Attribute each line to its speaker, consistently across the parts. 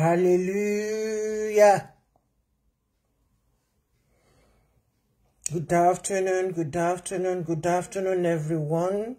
Speaker 1: Hallelujah. Good afternoon, good afternoon, good afternoon, everyone.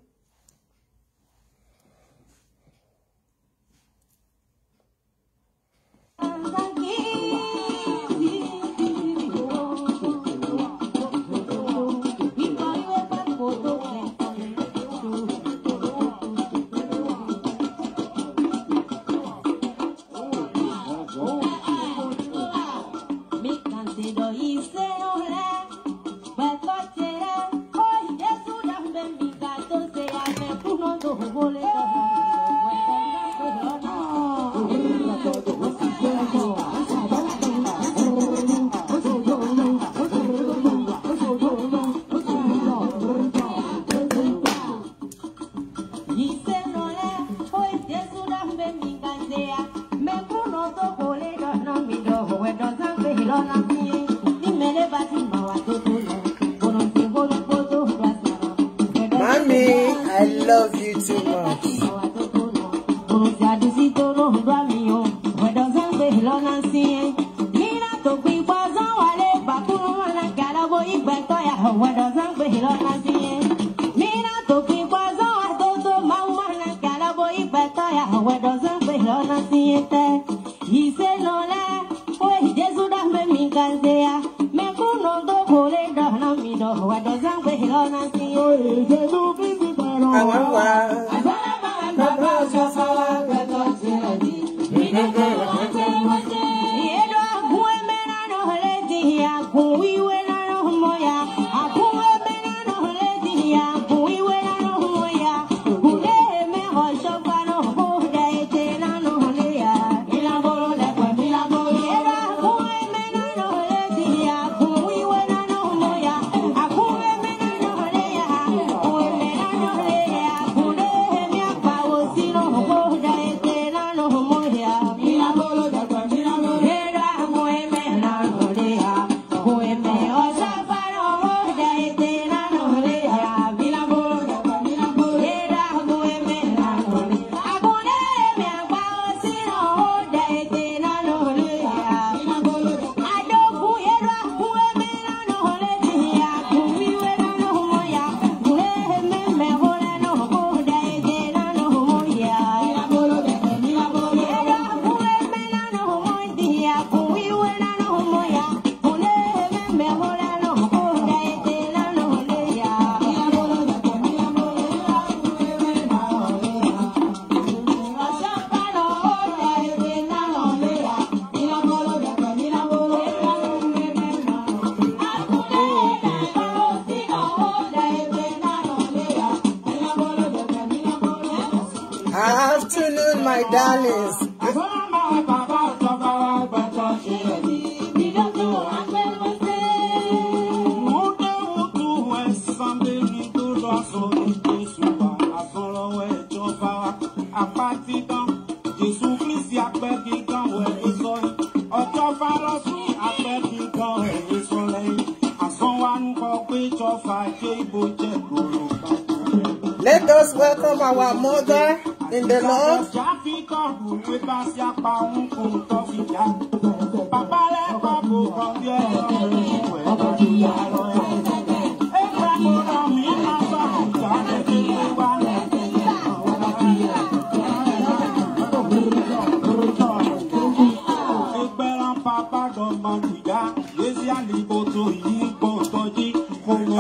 Speaker 1: the Lord.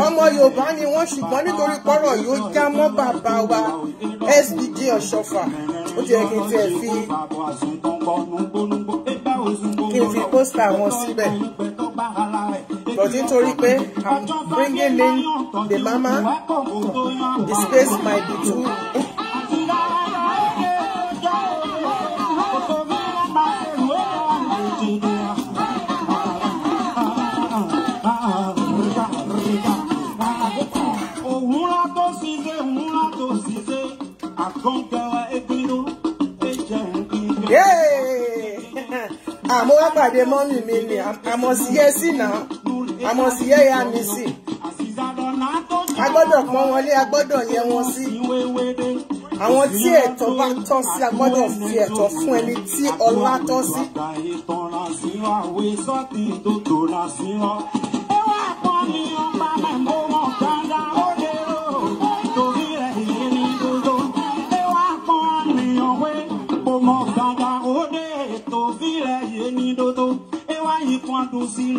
Speaker 2: ọmọ Yorùbá ni wọ́n ṣùgbọ́n nítorí pọ́rọ̀ yóò já ṣọ́fà ó ti yẹ kí n tiẹ̀ fi kí n fi pósítà wọn síbẹ̀ but nítorí pé I'm bringing in the mama the space might be too. pàdé mọ́mì mi ni àmọ́ sí yẹ sí náà àmọ́ sí yẹ ya mi sí a gbọ́dọ̀ pọ́n wọn lé a gbọ́dọ̀ yẹ wọn sí àwọn tí ẹ̀tọ́ bá tọ́ sí a gbọ́dọ̀ fi ẹ̀tọ́ fún ẹni tí ọlá tọ́ sí. ìtàn ra sí ọba.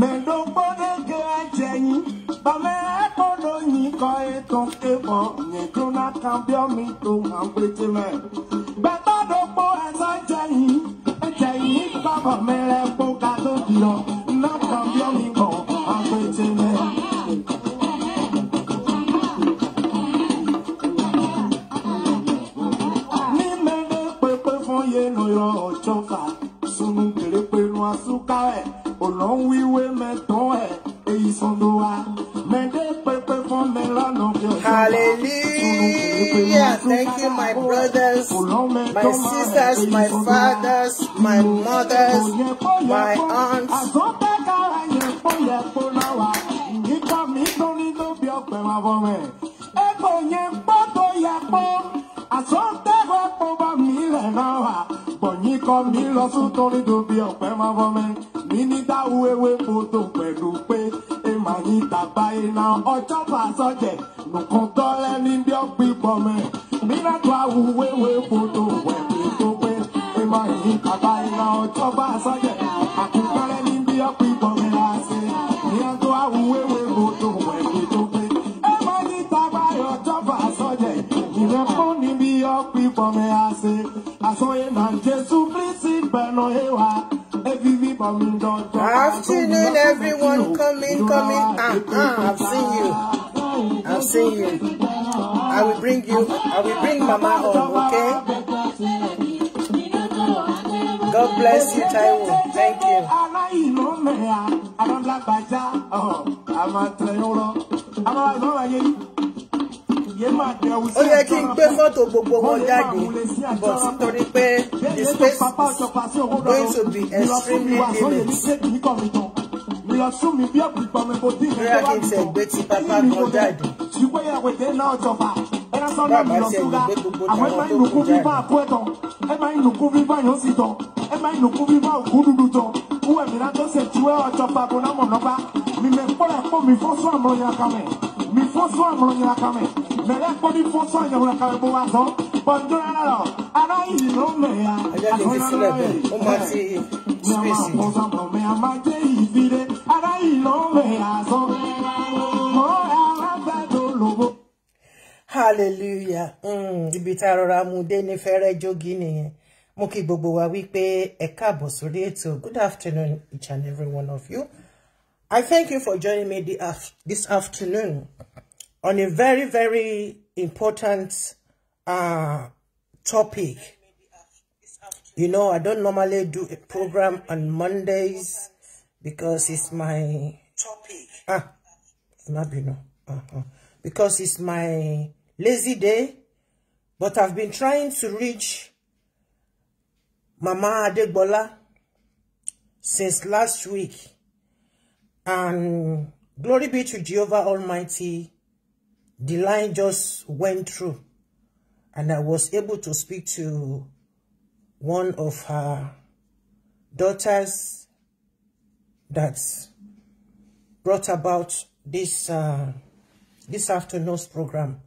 Speaker 2: medogbodege dzenyi bame ekpɔɖo nyi kɔ etɔ ebɔ nye drona kabia mi to ŋagbete me gbɛgbɛɖokpo ɛzɔ dzenyi edzenyi baba me le kpo gado diɔ. brothers, my sisters, my fathers, my mothers, my aunts. àsọ̀tẹ́gbà kó bá mi lẹ̀ náà wà bọ̀yìn kọ́ mi lọ sún torí dobi ọ̀pẹ máa fọ́ mi mi ní dáwọ́ ewé fòtò pẹ̀lú pé èèmà yìí tàbá iná ọjọ́ bá sọ̀jẹ̀ nùkún tọ́lẹ́ ní bí ọ̀gbìn bọ̀ mi awuwewe foto wẹ̀mí tó pé ìmọ̀ ìyí kàbá iná ọjọ́ bá a sọ́jẹ̀ àkùnkẹ́rẹ́ ní bí ọ̀pọ̀ ìbọn mi ṣe ní ọjọ́ awuwewe foto wẹ̀mí tó pé ìmọ̀ ní tàbá ọjọ́ bá a sọ́jẹ̀ ìrẹ́pọ̀ ní bí ọ̀pọ̀ ìbọn mi ṣe àsọyé náà Jésù Kristi bẹ̀rù ìwà. Afternoon, everyone. Come in, come in. Ah, ah, I've seen you. I've seen you. I will bring you, I will bring Mama home, okay? God bless you, Taiwo. Thank you. Ó yẹ kí n gbé fọ́tò
Speaker 1: gbogbo wọn jáde, but nítorí
Speaker 2: pé the space is going to be extremely limited. Bóyá kí n tẹ̀ gbé ti pápá kan jáde wèdè náà jọba ẹ̀ka sọ́nà ìlọ̀túnra àwọn ẹ̀ma ìnùkú bíbá àpóẹ̀tọ̀ ẹ̀ma ìnùkú bíbá yọ̀ọ́sìtọ̀ ẹ̀ma ìnùkú bíbá òkú dúdú tọ̀ uwẹ̀mìlá tó ṣe tuwé ọjọba bonamọ̀nọ́ba mimekpɔlɛ kpɔ mifɔsɔ amlɔnyakame mifɔsɔ amlɔnyakame mɛlɛ kpɔ mifɔsɔ amlɔnyakame bó wa zɔ bɔndó yàrá lɔ ara yìí ló mɛ ya àtúnyàrá yìí mɛ mɛ àmà bɔsɔ mɛ àmà jẹ
Speaker 1: yìí fi dé ara yìí ló mɛ ya zɔ. hallelujah hmm, ibi tá a rọra mú dé ní fẹ́rẹ́ jógi nìyẹn mo kí gbogbo wa wípé ẹ káàbọ̀ sórí ètò good afternoon each and every one of you I thank you for joining me this afternoon on a very very important uh, topic you know I don't normally do a program on Mondays because it's my topic ah má bínú uh -huh. because it's my lazy day, but I've been trying to reach Mama Adegbola since last week. And glory be to Jehovah Almighty, the line just went through. And I was able to speak to one of her daughters that brought about this uh, this afternoon's program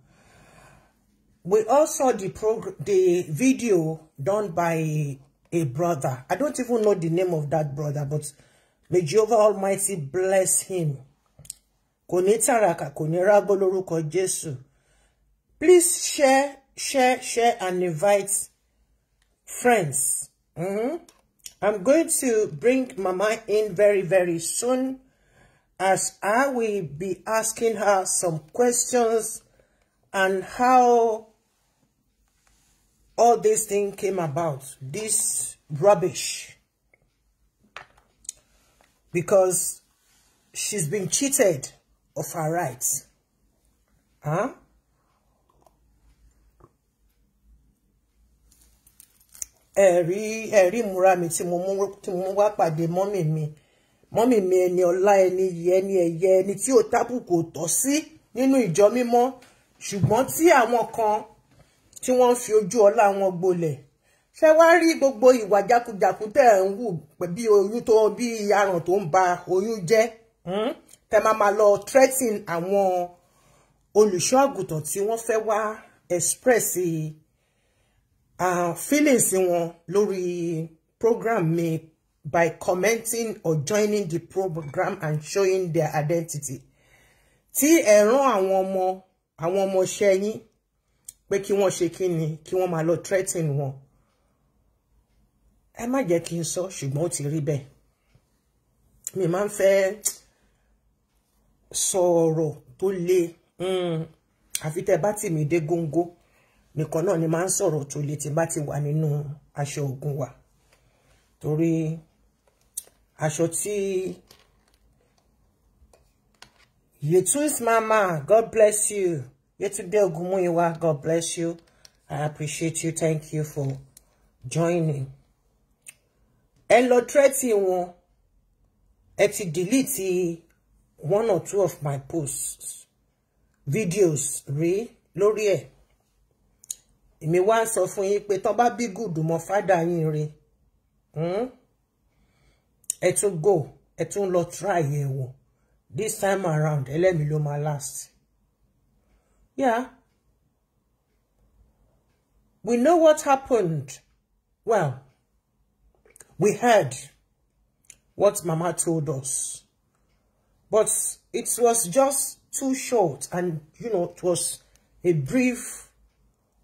Speaker 1: we also the prog the video done by a brother. I don't even know the name of that brother, but may Jehovah Almighty bless him. Kò ní tàràkà, kò ní Please share, share, share and invite friends. Mm-hmm. I'm going to bring Mama in very, very soon as I will be asking her some questions and how all this thing came about, this rubbish, because she's been cheated of her rights. Huh? ẹ̀rí ẹ̀rí ìmúra mi tí mo mú wá pàdé mọ́mì mi mọ́mì mi ẹni ọlá ẹni yẹ ẹni ẹ̀yẹ ẹni tí ò tábùkù tọ́ sí nínú ìjọ mímọ́ ṣùgbọ́n tí àwọn kan tí wọ́n ń fi ojú ọlá wọn gbolẹ̀ ṣé wàá rí gbogbo ìwà jákujàku tẹ́ ẹ̀ ń wù bí oyún tó bí aràn tó ń ba oyún jẹ́ hmm? tẹ́ máa máa lọ threaten àwọn olùṣọ́ àgùntàn tí wọ́n fẹ́ wá express uh, feelings wọn lórí program mi by commenting or joining the program and showing their identity tí ẹ rán àwọn ọmọ àwọn ọmọọṣẹ́ yín pé kí wọ́n ṣe kí ni kí wọ́n máa lọ threaten wọn ẹ má jẹ́ kí n sọ ṣùgbọ́n ó ti rí bẹ́ẹ̀ mi máa ń fẹ́ sọ ọ̀rọ̀ tó le mm, àfi tẹ́ bá tì mí dé góńgó nìkan náà ni máa ń sọ̀rọ̀ tó le tí bá ti wà nínú aṣọ ogun wa torí aṣọ tí Yetun's mama God bless you. Yetunde Ogumuyiwa, God bless you. I appreciate you. Thank you for joining. Ẹ lọ tírẹ́tì wọn. Ẹ ti delete one or two of my posts, videos re, lórí ẹ̀. Èmi wá ń sọ fún yín pé tọ́ bá bí gùdù mọ́ fádà yín rí. Hmm? Ẹ tún go, ẹ tún lọ try ẹ̀ wọ̀. This time around, let me ló my last. Yeah. We know what happened. Well, we heard what Mama told us. But it was just too short and, you know, it was a brief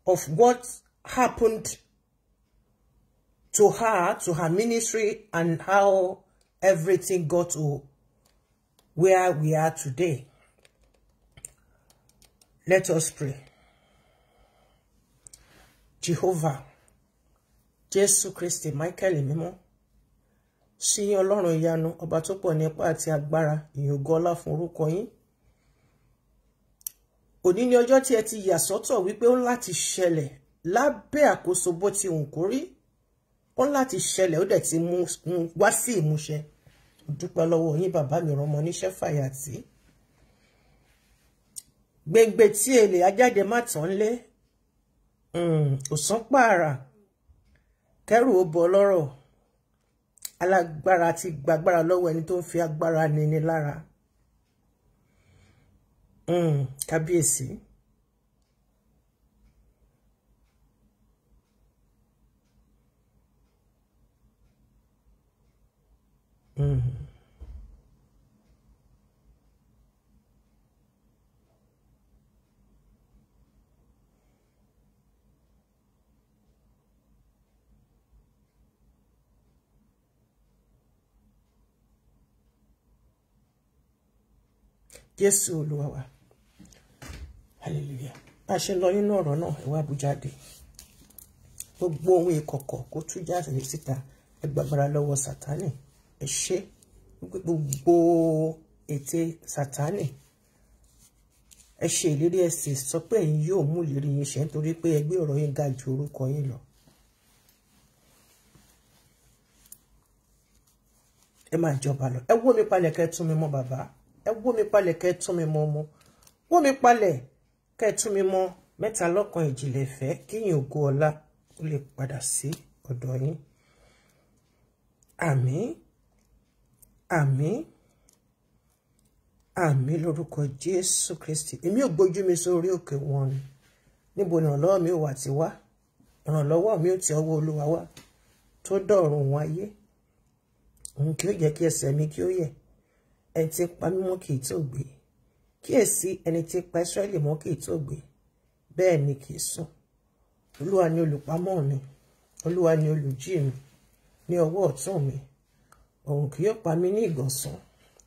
Speaker 1: of what happened to her, to her ministry, and how everything got to where we are today. Let us pray. Jehovah, Jésù Kristi, Michael mímọ́, sí Ọlọ́run ìyanu, ọba tó pọ̀ ní ipá àti agbára, ìyògo ọlá fún orúkọ yín. Òní ni ọjọ́ tí ẹ ti yà sọ́tọ̀ wípé ó láti ṣẹlẹ̀ lábẹ́ àkóso bó ti hùn kó rí. Ó láti ṣẹlẹ̀ ti mú wá sí ìmúṣẹ. Dúpẹ́ lọ́wọ́ yín bàbá mi rán ọmọ oníṣẹ́ gbèǹgbè tí èlé ajáde má tán lé hmm, òsán pààrà kẹrù ó bọ lọ́rọ̀ alágbára ti gbàgbára lọ́wọ́ ẹni tó ń fi agbára nini lára hmm, kábíyèsí. Mm-hmm. jésù olúwa wa hallelujah bá a ṣe lọ nínú ọ̀rọ̀ náà ẹ wá bú jáde gbogbo ohun ìkọ̀kọ̀ kó tú jáde ní síta ẹ gbàgbára lọ́wọ́ sátánì ẹ ṣe gbogbo ète sátánì ẹ ṣe ìlérí ẹ sì sọ pé ẹ̀yin yóò mú ìlérí yín ṣẹ nítorí pé ẹ gbé ọ̀rọ̀ yín ga ju orúkọ yín lọ. ẹ máa jọba lọ ẹ wó mi palẹ̀ kẹ́ mi mọ́ bàbá ẹ wó mi palẹ̀ kẹ́ ẹ tún mi mọ ọmọ wó mi palẹ̀ kẹ́ ẹ tún mi mọ mẹ́ta lọ́kàn ìjìnlẹ̀ ìfẹ́ kíyìn ògo ọlá ó lè padà sí ọ̀dọ̀ yín àmín àmín àmín lórúkọ jésù kristi èmi ò gbójú mi sórí òkè wọn ni níbo ni ìrànlọ́wọ́ mi ò wà ti wá ìrànlọ́wọ́ mi ò ti ọwọ́ olúwa wá tó dọ̀rùn wọn ayé òun kí ó jẹ́ kí ẹsẹ̀ mi kí ó yẹ̀ ẹni tí pa mí mọ́ kì í tó gbé kíyèsí ẹni tí pa Ísírẹ́lì mọ́ kì tó gbé bẹ́ẹ̀ ni kì í sùn olúwa ni olùpamọ́ mi olúwa ni olùjí mi ní ọwọ́ ọ̀tún mi òun kì yóò pa mí ní ìgànsán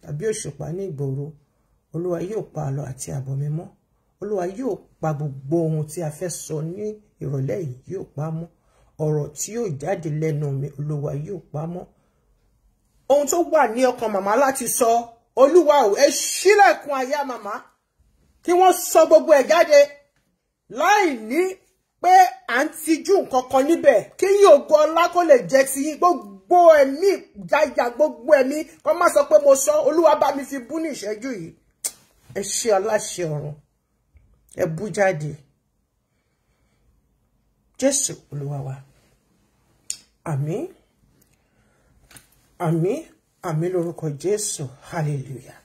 Speaker 1: tàbí òṣùpá ní ìgboro olúwa yóò pa àlọ àti àbọ̀ mi mọ́ olúwa yóò pa gbogbo ohun tí a fẹ́ sọ ní ìrọ̀lẹ́ yìí yóò pa mọ́ ọ̀rọ̀ tí yóò jáde lẹ́nu mi olúwa yóò pa mọ́ ohun tó wà ní ọkàn màmá láti sọ olúwa ò ẹ ṣílẹ̀kùn àyà màmá kí wọ́n sọ gbogbo ẹ̀ jáde láì ní pé à ń tijú nǹkan kan níbẹ̀ kí yín ògo ọlá kó lè jẹ́ ti yín gbogbo ẹ̀mí jáyà gbogbo ẹ̀mí kó má sọ pé mo sọ olúwa bá mi fi bú ní ìṣẹ́jú yìí ẹ ṣe aláṣẹ ọ̀run ẹ bú jáde jésù olúwa wa àmín àmín àmì lórúkọ jésù hallelujah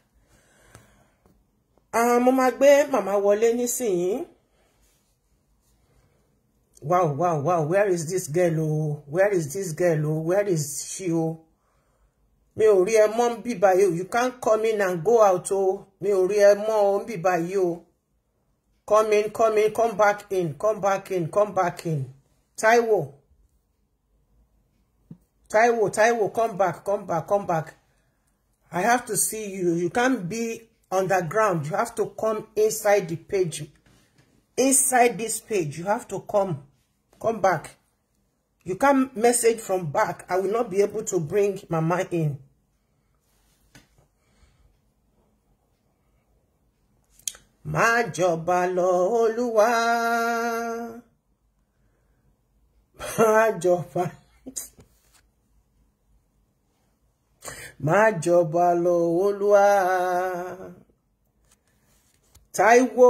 Speaker 1: ah, mo máa gbé màmá wọlé nísìnyí wow wow wow where is this girl o oh? where is this girl o oh? where is she o oh? mi ò rí ẹ mọ́ ń bíbá yìí o you can't come in and go out o mi ò rí ẹ mọ́ ń bíbá yìí o come in come in come back in come back in come back in Taiwo. Taiwo, Taiwo, come back, come back, come back. I have to see you. You can't be underground. You have to come inside the page. Inside this page, you have to come. Come back. You can't message from back. I will not be able to bring Mama in. Má jọba lọ Olúwa. Má máa jọba lọ olúwa Taiwo,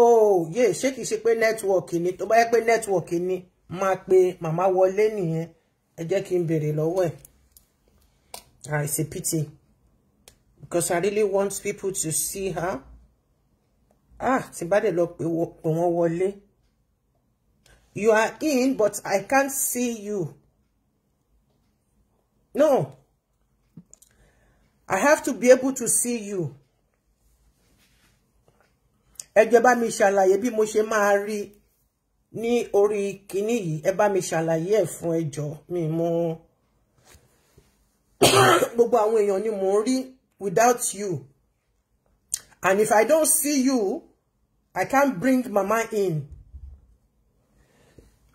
Speaker 1: yé ṣé kìí ṣe pé nẹ́tíwọ̀kì ni tó bá yẹ pé nẹ́tíwọ̀kì ni máa pe màmá wọlé nìyẹn ẹ jẹ́ kí n béèrè lọ́wọ́ ẹ̀ ah, it's a pity because I really want people to see her ah tí bá dẹ̀ lọ pé wọ́n wọlé you are in but I can't see you no I have to be able to see you. Ẹ bá mi ṣàlàyé bí mo ṣe máa rí ní orí kíní yìí. Ẹ bá mi ṣàlàyé ẹ̀ fún ẹjọ́ mi mo. Gbogbo àwọn èèyàn ni mò rí without you. And if I don't see you, I can't bring mama in.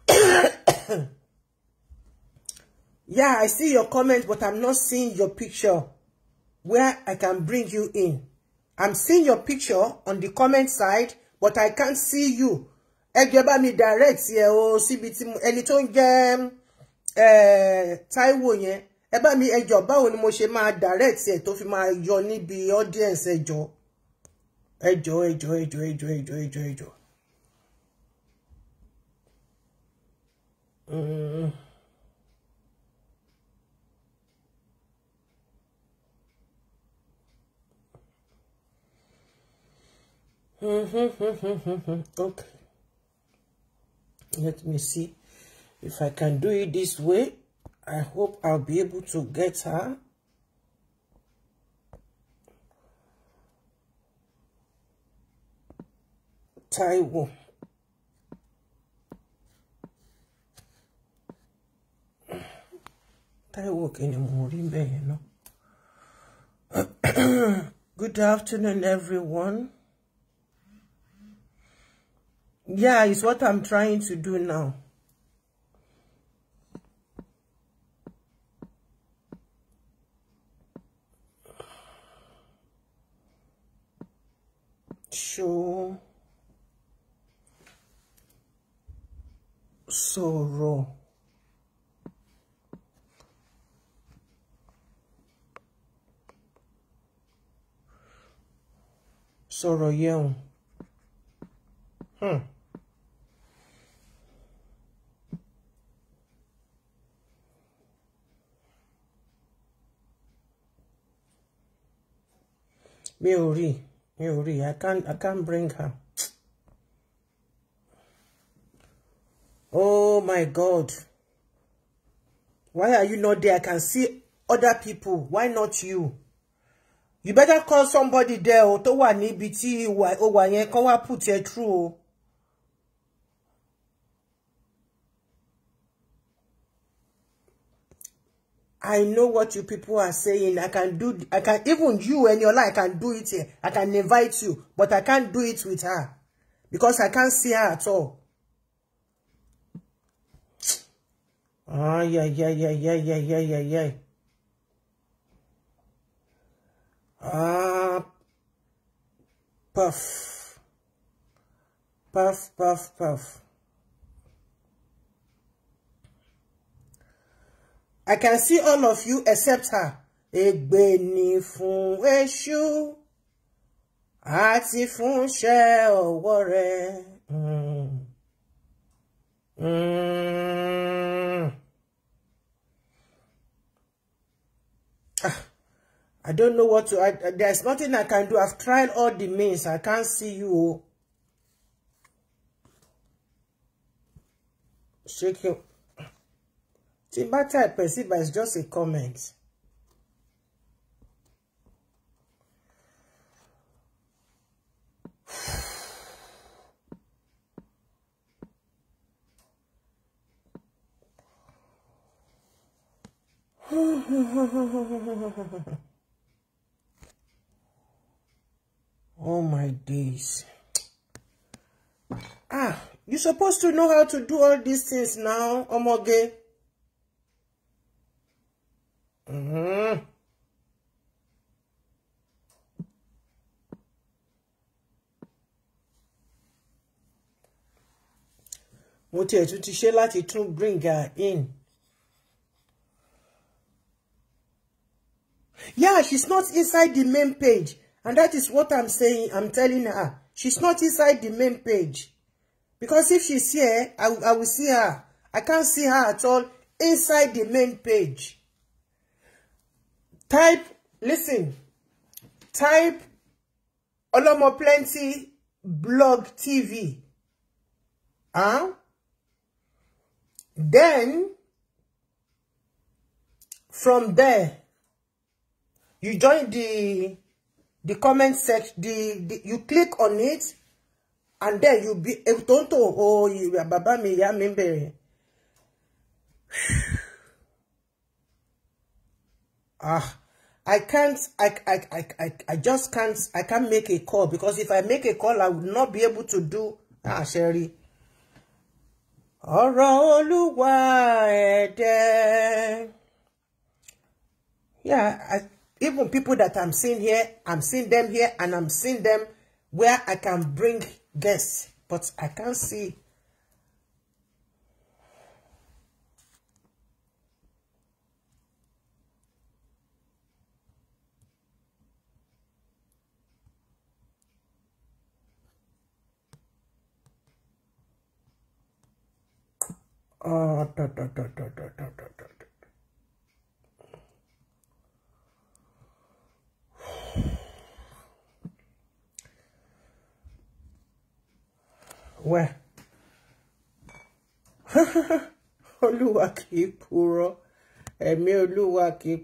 Speaker 1: Yeah, I see your comment, but I'm not seeing your picture where I can bring you in. I'm seeing your picture on the comment side, but I can't see you. Ẹ mi direct yẹ oh cbt tí ẹni tó ń jẹ́ Táíwò yẹn. mi ẹ jọ̀ọ́ ni mo ṣe máa direct yẹ tó fi máa yọ níbi audience ẹ jọ̀ọ́. Ejo ejo ejo ejo ejo ejo ẹ jọ̀ọ́ okay. Let me see if I can do it this way. I hope I'll be able to get her. Taiwo. Taiwo kini mo rí bẹ́ẹ̀ náà. Good afternoon, everyone. Yeah, it's what I'm trying to do now. Show sorrow. Sorrow, yeah. Hmm. mi ò rí mi i can't i can't bring her. oh my god why are you not there i can see other people why not you you better call somebody there o oh, tó wà níbi tí ìwà ó wà yẹn kán put ẹ through oh. I know what you people are saying. I can do, I can, even you and your life, I can do it here. I can invite you, but I can't do it with her because I can't see her at all. Ah, yeah, yeah, yeah, yeah, yeah, yeah, yeah, yeah. Ah, puff. Puff, puff, puff. I can see all of you except her. Ègbé ni fún Èṣù àti fún iṣẹ́ ọwọ́ rẹ̀. Mm. Mm. Ah, I don't know what to, I, there's nothing I can do. I've tried all the means. I can't see you. Oh. Shake him tí bá type ẹ̀ sí but it's just a comment. oh my days. Ah, you supposed to know how to do all these things now, Omoge hmm mo tiẹ̀ tún ti ṣe láti tún bring her in. Yeah, she's not inside the main page. And that is what I'm saying. I'm telling her. She's not inside the main page. Because if she's here, I, I will see her. I can't see her at all inside the main page type listen type Olomo Plenty blog TV huh? then from there you join the the comment section the, the you click on it and then you be able eh, to oh you baba mi ya mi ah i can't I, I i i i just can't i can't make a call because if i make a call i would not be able to do ah sherry yeah I, even people that i'm seeing here i'm seeing them here and i'm seeing them where i can bring guests but i can't see అట్ట అట్ట అట్ట అట్ట అట్ట అట్ట అట్ట అట్ట అట్ట wẹ́ olúwa kì í purọ́ ẹ̀mí olúwa kì í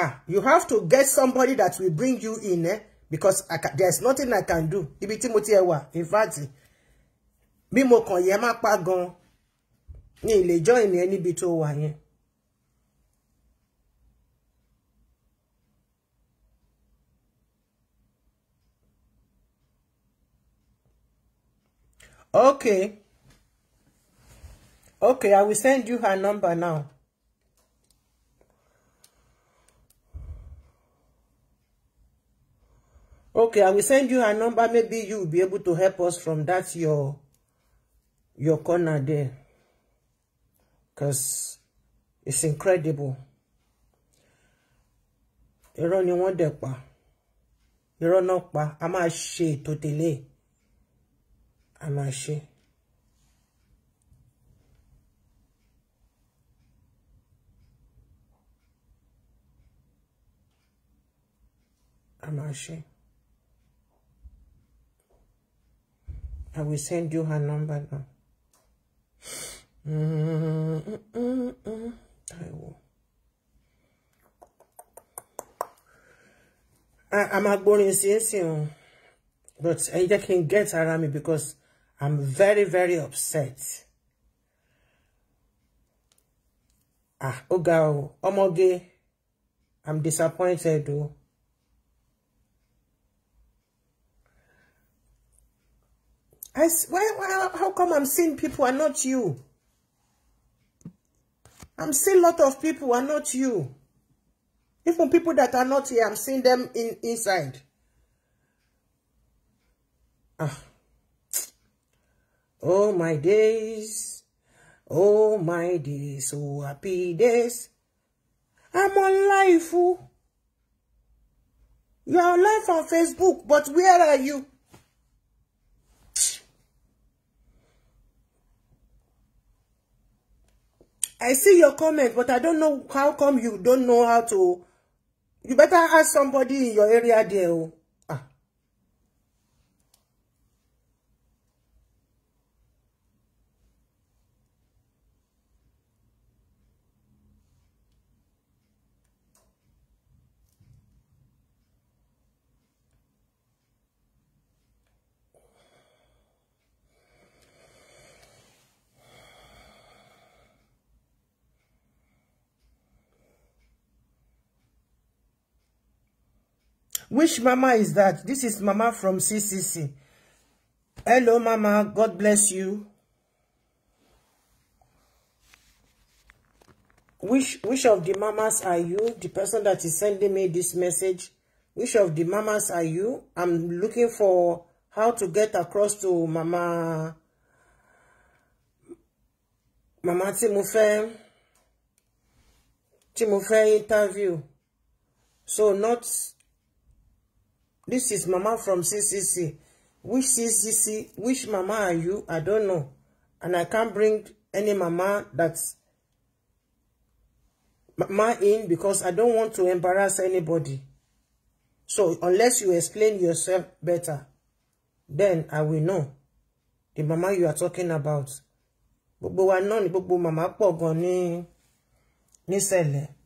Speaker 1: ah you have to get somebody that will bring you in eh? because I can, there's nothing I can do ibi tí mo ti ẹ wà in fact bí mo kàn yẹ má pa gan ní ilé join ẹ níbi tó wà yẹn okay okay i will send you her number now okay i will send you her number maybe you will be able to help us from that your your corner there because it's incredible irọ́ ni wọ́n dẹ̀ pa irọ́ náà pa a máa ṣe ètò tẹ́lẹ̀ a máa ṣe. a máa ṣe. I will send you her number now. I'm a máa gbórin sí ẹsìn but ẹ can get around me because I'm very very upset. ah ó ga o ọmọge I'm disappointed o. I, why, why, how come I'm seeing people and not you? I'm seeing a lot of people are not you. Even people that are not here, I'm seeing them in inside. Ah. Oh my days. Oh my days. Oh happy days. I'm on life. Oh. You are live on Facebook, but where are you? I see your comment, but I don't know how come you don't know how to. You better ask somebody in your area there. Oh. Which mama is that? This is mama from CCC. Hello, mama. God bless you. Which, which of the mamas are you? The person that is sending me this message. Which of the mamas are you? I'm looking for how to get across to mama. Mama tí mo interview. So not This is Mama from CCC. Which CCC, which Mama are you? I don't know. And I can't bring any Mama that's Mama in because I don't want to embarrass anybody. So unless you explain yourself better, then I will know the Mama you are talking about. Gbogbo wa náà ni gbogbo màmá pọ̀ gan ní nísẹ̀lẹ̀.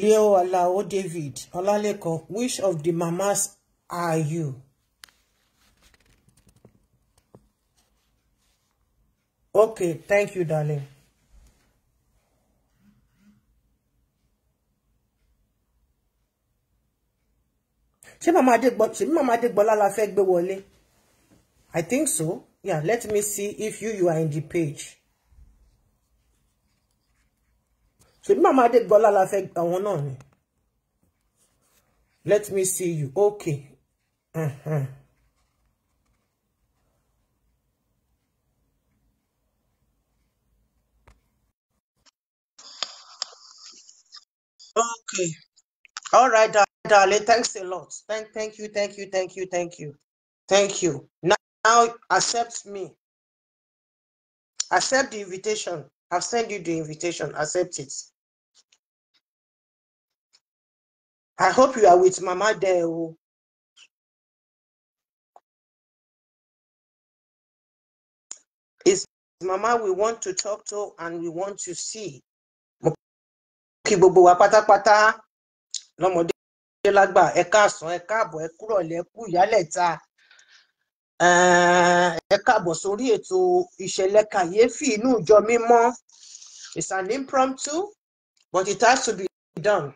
Speaker 1: Leo Alao David Olalekan which of the mamas are you? Okay, thank you, darling. ṣé mama adégbọlá ṣé mama adégbọlá la fẹ́ gbé wọlé I think so yeah let me see if you you are in the page. ṣe màmá Adébọ́lá la fẹ́ àwọn let me see you okay. Uh-huh. Okay. All right, darling. Thanks a lot. Thank, thank you, thank you, thank you, thank you, thank you. Now, now accept me. Accept the invitation. I've sent you the invitation. Accept it. I hope you are with Mama there. Oh. It's Mama we want to talk to and we want to see. Kí gbogbo wa pátápátá De lágbà ẹ káàsán ẹ káàbọ̀ ẹ kúrọ̀lẹ́ kú ìyálẹ̀ta Eka bo sórí ètò ìṣẹ̀lẹ̀ yefi. inú ìjọ mo. It's an impromptu, but it has to be done.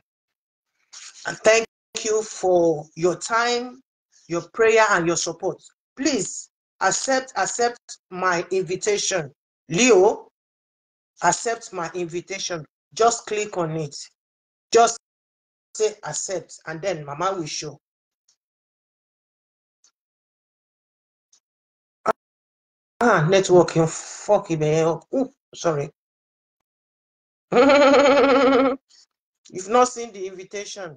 Speaker 1: And thank you for your time, your prayer, and your support. Please accept accept my invitation. Leo, accept my invitation. Just click on it. Just say accept, and then Mama will show.
Speaker 3: Ah, networking.
Speaker 1: Fuck it, man. Ooh, sorry.
Speaker 3: You've
Speaker 1: not seen the invitation.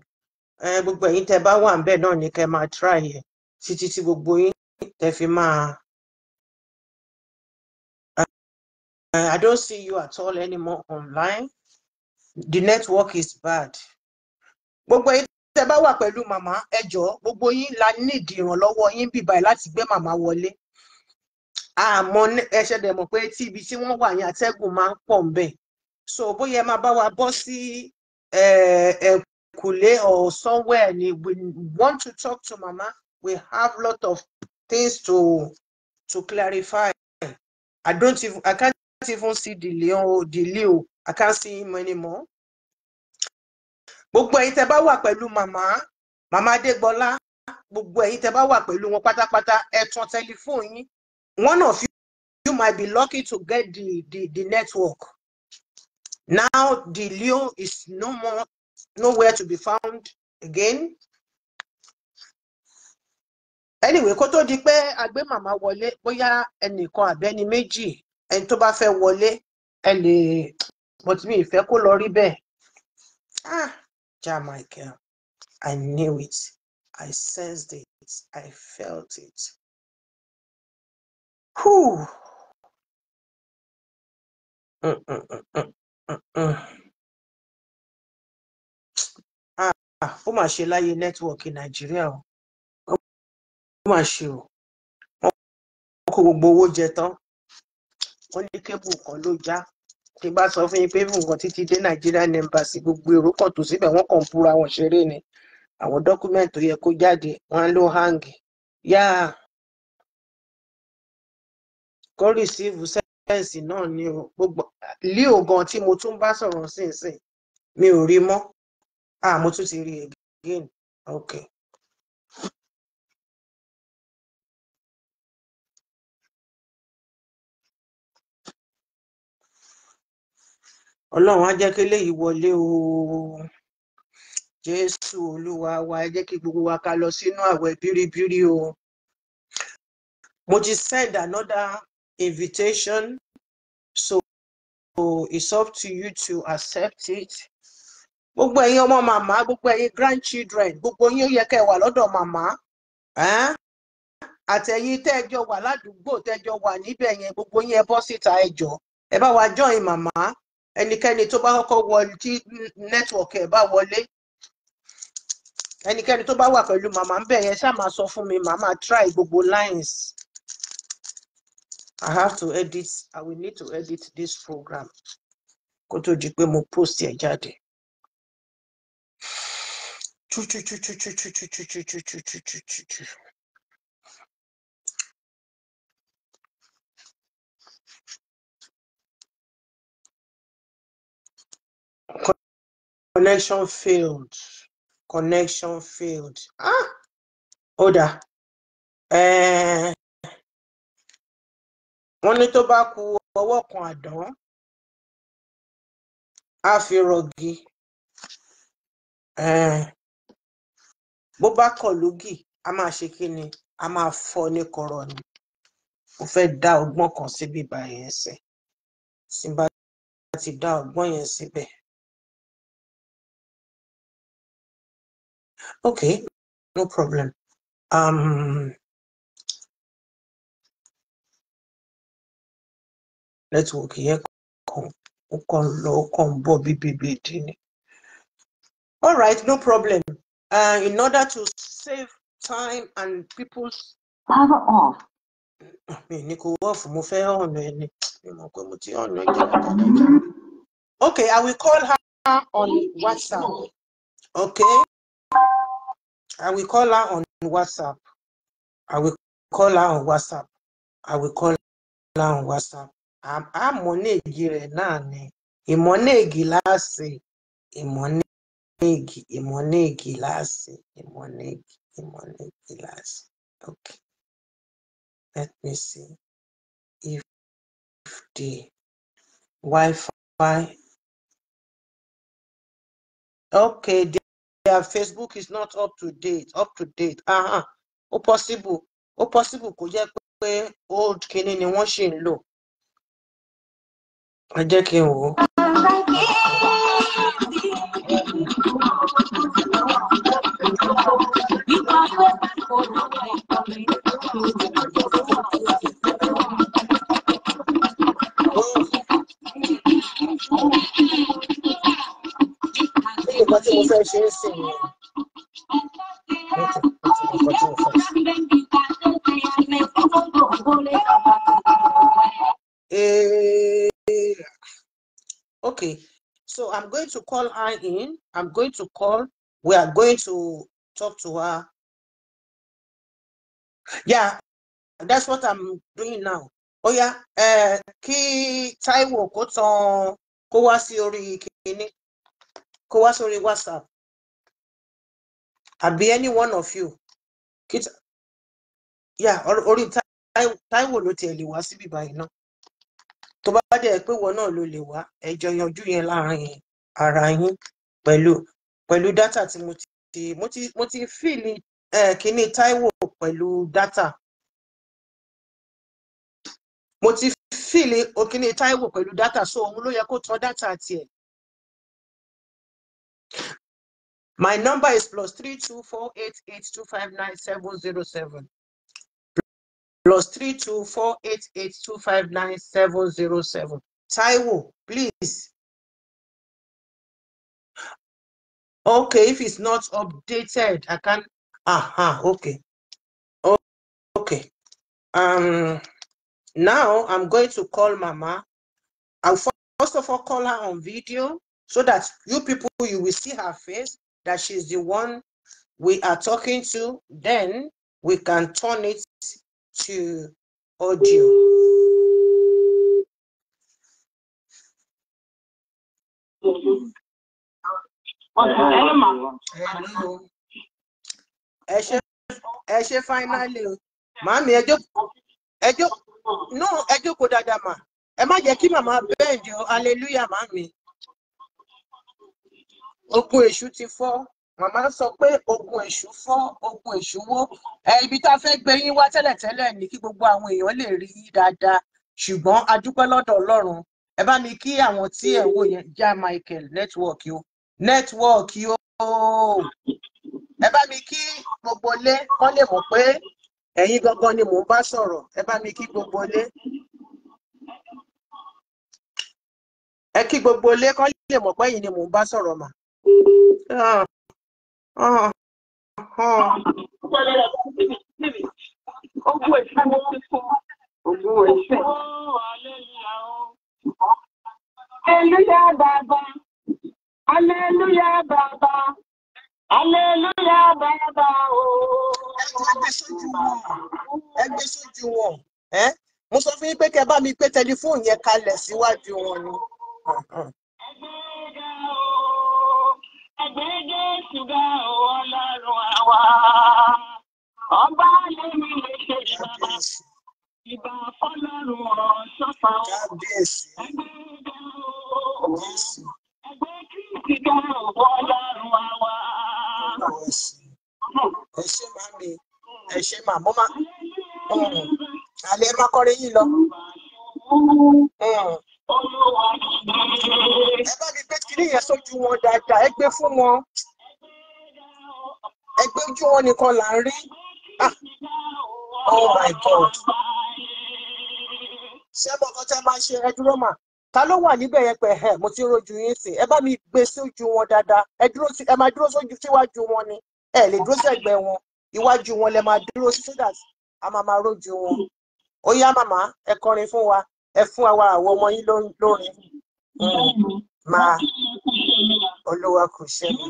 Speaker 1: gbogbo ẹ̀yin tẹ́ bá wà níbẹ̀ náà ni kẹ́ máa try ẹ̀ títí tí gbogbo yín tẹ́ fi máa. I don't see you at all anymore online. The network is bad. Gbogbo ẹ̀yin tẹ́ bá wà pẹ̀lú màmá ẹ jọ̀ọ́ gbogbo yín la nídìí ìrànlọ́wọ́ yín bíbá ẹ̀ láti gbé màmá wọlé. Àmọ́ ẹṣẹ́ dẹ̀ mọ̀ pé tí ibi tí wọ́n wà yẹn atẹ́gùn máa ń pọ̀ ń bẹ̀. So bóyá ẹ máa bá wa bọ́ sí Kule or somewhere and we want to talk to Mama, we have a lot of things to to clarify. I don't even I can't even see the Leo the Leo. I can't see him anymore. Gbogbo ẹ̀yin tẹ́ bá wà pẹ̀lú màmá, màmá Adégbọlá, gbogbo ẹ̀yin tẹ́ bá wà pẹ̀lú wọn pátápátá, ẹ tan tẹlifóònù yín. One of you, you might be lucky to get the, the, the network. Now the Leo is no more nowhere to be found again. anyway koto tó di pé a màmá wọlé bóyá eni ẹnìkan àbẹ́ni méjì ẹni tó bá fẹ́ wọlé ẹ lè but me fe kó lori be. ah ja Michael I knew it I sensed it I felt it.
Speaker 3: Whew. Mm -mm -mm -mm -mm -mm.
Speaker 1: ó mà ṣe láyé nẹ́tíwọ̀kì nàìjíríà o ó mà ṣe o wọ́n kó gbogbo owó jẹ tán wọ́n ní kébù kan ló já tí bá sọ fún yín pé nǹkan títí dé nàìjíríà ní ẹmbàsì gbogbo èrò kan tó síbẹ̀ wọ́n kàn ń búra wọn ṣeré ni àwọn dọ́kúmẹ̀ntì tó yẹ kó jáde wọ́n ló hàngì yá kó rìsíìfù sẹ́ẹ̀sì náà ni o gbogbo leo gan tí mo tún bá sọ̀rọ̀ sínsìn mi ò rí mọ́ ah mo tún again okay. ọlọ́run á jẹ́ kí eléyìí wọlé o jésù olúwa wa ẹ jẹ́ kí gbogbo wa ká lọ sínú àwẹ̀ bíríbírí o mo ti send another invitation so, so it's up to you to accept it. gbogbo ẹ̀yin ọmọ màmá gbogbo ẹ̀yin grandchildren gbogbo yín ó yẹ kẹ́ ẹ wà lọ́dọ̀ màmá àtẹ̀yìn tẹ́ẹ̀jọ wà ládùúgbò tẹ́ẹ̀jọ wà níbẹ̀ yẹn gbogbo yín ẹ bọ́ síta ẹ jọ ẹ bá wa join màmá ẹnikẹ́ni tó bá kọ́kọ́ wọlé tí nẹ́tíwọ̀kì ẹ̀ bá wọlé ẹnikẹ́ni tó bá wà pẹ̀lú màmá ń bẹ̀ yẹn ṣáà máa sọ fún mi màmá try gbogbo lines I have to edit I will need to edit this program kó tó di pé mo post ẹ̀ jáde. Connection failed. Connection failed. Ah, order. Eh. one ní tó bá ku ọwọ́ kan àdán, á fi rọ̀gì. Eh. bó bá kàn lógì a máa ṣe kí ni a máa fọ ní kọ̀rọ̀ ni mo fẹ́ dá ọgbọ́n kan síbi báyẹn sí tí n bá ti dá ọgbọ́n yẹn síbẹ̀.
Speaker 3: okay no problem. Um,
Speaker 1: nẹ́tíwọ̀kì yẹn kàn ó kàn ń lọ ó kàn ń bọ̀ bíbí bíi dín all right no problem. uh, in order to save time and people's power off. Okay, I will call her on WhatsApp. Okay, I will call her on WhatsApp. I will call her on WhatsApp. I will call her on WhatsApp. I'm money. am Monegi Renani. Imonegi Lasi. Negi, imonegi lasi, imonegi, imonegi
Speaker 3: lasi. Okay, let me see if
Speaker 1: the Wi-Fi. Okay, their Facebook is not up to date. Up to date. Uh-huh. Ó possible. Ó possible Could you pé old kinní ni wọ́n ṣì ń lò. Ẹ Okay, so I'm going to call her in. I'm going to call. We are going to talk to her yeah that's what i'm doing now ó oh, yá eh, kí Táíwò kó tan kó wá sí orí kìíní kó wá sórí WhatsApp àbí any one of you kí yeah orí Táíwò ló tiẹ̀ lè wá síbí báyìí náà tó bá dẹ̀ pé wọ́n náà ló lè wá ẹjọ́ yanjú yẹn láàrin ara yín pẹ̀lú pẹ̀lú dátà tí mo ti mo ti mo ti fíìlì eh, kínní Táíwò pẹ̀lú data. mo ti fìlè òkìní Táíwò pẹ̀lú data so òun ló yẹ kó tọ́ data My number is plus three two four eight eight two five nine seven zero seven plus three two four eight eight two five nine seven zero seven. Taiwo, please. Okay, if it's not updated, I can. Aha, uh -huh, okay. Um, now I'm going to call Mama. I'll first of all call her on video so that you people you will see her face that she's the one we are talking to. Then we can turn it to audio. Hello. Ẹ ṣe finally. màámi ẹjọ́ ẹjọ́ no ẹjọ́ kò dáadáa mà ẹ má jẹ́ kí màmá bẹ́ẹ̀dì o hallelujah màámi ogun èṣù ti fọ́ màmá sọ pé ogun èṣù fọ́ ogun èṣù wó ibi tá a fẹ́ gbé yín wá tẹ́lẹ̀tẹ́lẹ̀ ni kí gbogbo àwọn èèyàn lè rí yín dáadáa ṣùgbọ́n a dúpẹ́ lọ́dọ̀ Ọlọ́run ẹ bá mi kí àwọn tí ẹ wò yẹn já Michael Network o network o ẹ bá mi kí gbogbo ilé kọ́ lè mọ̀ pé ẹ̀yin gangan ni mò ń bá sọ̀rọ̀ ẹ bá mi kí gbogbo ilé ẹ kí gbogbo ilé kọ́ lè mọ̀ pé ẹ̀yin ni mò ń bá sọ̀rọ̀ mà. Aleluya bàbá o. Ẹgbẹ́ sójú wọn. Ẹgbẹ́ sójú wọn. Mo sọ fún yín pé kẹ́ bá mi gbé tẹlifóònù yẹn kalẹ̀ síwájú wọn ni. Ẹgbẹ́ga o.
Speaker 4: Ẹgbẹ́ga ṣùgá o ọlọ́run àwa. Ọba lẹ́nu lè ṣe ìbàbà. Ìbà fọlọ́run ọ̀ṣọ́fà o. Ẹgbẹ́ga o. Ẹgbẹ́ kìí ti ga o ọlọ́run
Speaker 3: àwa wẹsẹ ẹ ṣe máa mi ẹ ṣe máa
Speaker 4: mo máa àlẹ mm,
Speaker 1: máa kọrin yín lọ. Mm. ẹ bá mi gbé kiri yẹn sójú wọn dáadáa ẹ gbé fún wọn ẹ gbé ojú wọn nìkan là ń rí ah. oh my god ṣé mo kàn tẹ́ máa ṣe ẹ dúró mà ta ló wà níbẹ̀ yẹn pé ẹ mo ti rojú yín sí ẹ bá mi gbé sójú wọn dáadáa ẹ dúró sí ẹ máa dúró sójú síwájú wọn ni ẹ lè dúró sẹ́gbẹ̀ wọn iwájú wọn lẹ máa dúró sí so a máa máa rojú wọn ó yá màmá ẹ kọrin fún wa ẹ fún àwa àwọn ọmọ yín lórin máa hmm, olówó kò ṣe
Speaker 4: mí.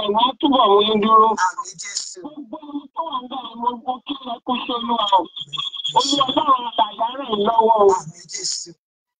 Speaker 4: Àwọn tó wà wọ́n dúró. Àmì Jésù. Gbogbo ohun àwọn ọmọ kí ẹ kó ṣe olúwa. Olúwa bá àwọn bàbá rẹ̀ lọ́wọ́. Àmì Jésù.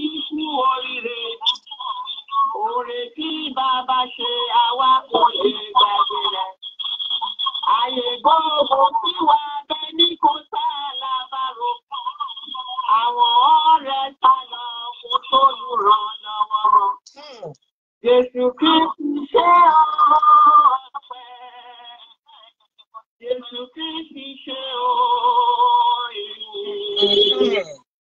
Speaker 4: kí kú oríire òrè tí bàbá ṣe àwa kò lè gbàgbé rẹ̀ gbogbo tí wà bẹ ní kò sá lábàrò àwọn ọ̀rẹ́ sá lọ kó tó lùrọ lọ́wọ́ rọ Jésù Kristi ṣe ọpẹ́ Jésù Kristi ṣe òòyì.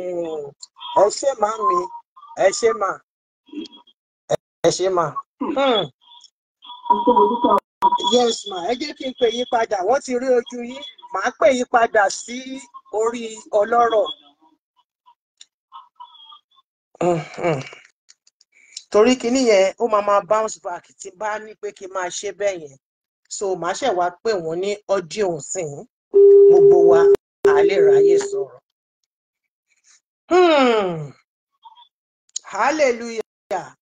Speaker 1: ẹ ṣe máa mi ẹ ṣe máa ẹ ṣe máa. Hmm. yes ma ẹ jẹ́ kí n pè yín padà wọ́n ti rí ojú yín màá pè yín padà sí orí ọlọ́rọ̀. Hmm. torí kinní yẹn ó máa máa bounce back tí bá ní pé kí n máa ṣe bẹ́ẹ̀ yẹn so màá ṣẹ̀ wá pé wọ́n ní ọdí òun sìn gbogbo wa à lè ráyè sọ̀rọ̀. Hmm. Hallelujah.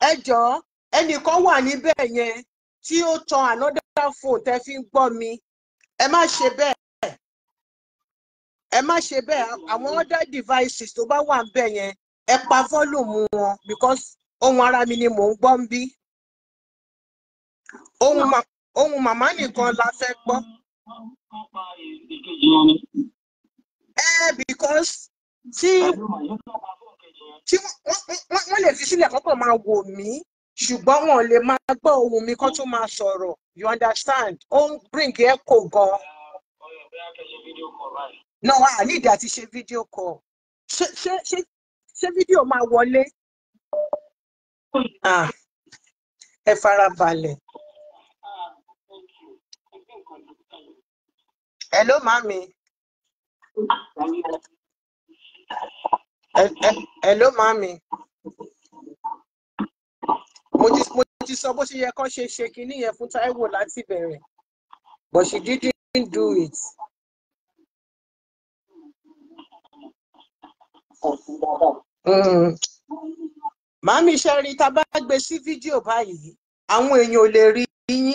Speaker 1: Ẹ jọ̀ọ́, ẹnìkan wà níbẹ̀ yẹn tí ó tan another phone tẹ́ fi ń gbọ́ mi. Ẹ má ṣe bẹ́ẹ̀. Ẹ má ṣe bẹ́ẹ̀. Àwọn other devices tó bá wà níbẹ̀ yẹn, ẹ pa volume wọn because ohun ara mi ni mò ń gbọ́ ń bí. Ohun màmá nìkan la fẹ́ gbọ́. Ẹ eh, because tí wọ́n lè fi sílẹ̀ kọ́kọ́ máa wò mí ṣùgbọ́n wọn ò lè máa gbọ́ ohùn mi kó tó máa sọ̀rọ̀ you understand ó ń bring echo gan. Oh no a ní ìdí àti ṣe fídíò call ṣé fídíò máa wọlé. Ah. ẹ farabalẹ̀. Ah, hello mommy. Hello, mami. Mo ti mo ti sọ bó ṣe yẹ kán ṣe ṣe kinní yẹn fún Táíwò láti bẹ̀rẹ̀. But she didn't do it. Màmí ṣe rí tá a bá gbé sí fídíò báyìí, àwọn èèyàn ò lè rí yín.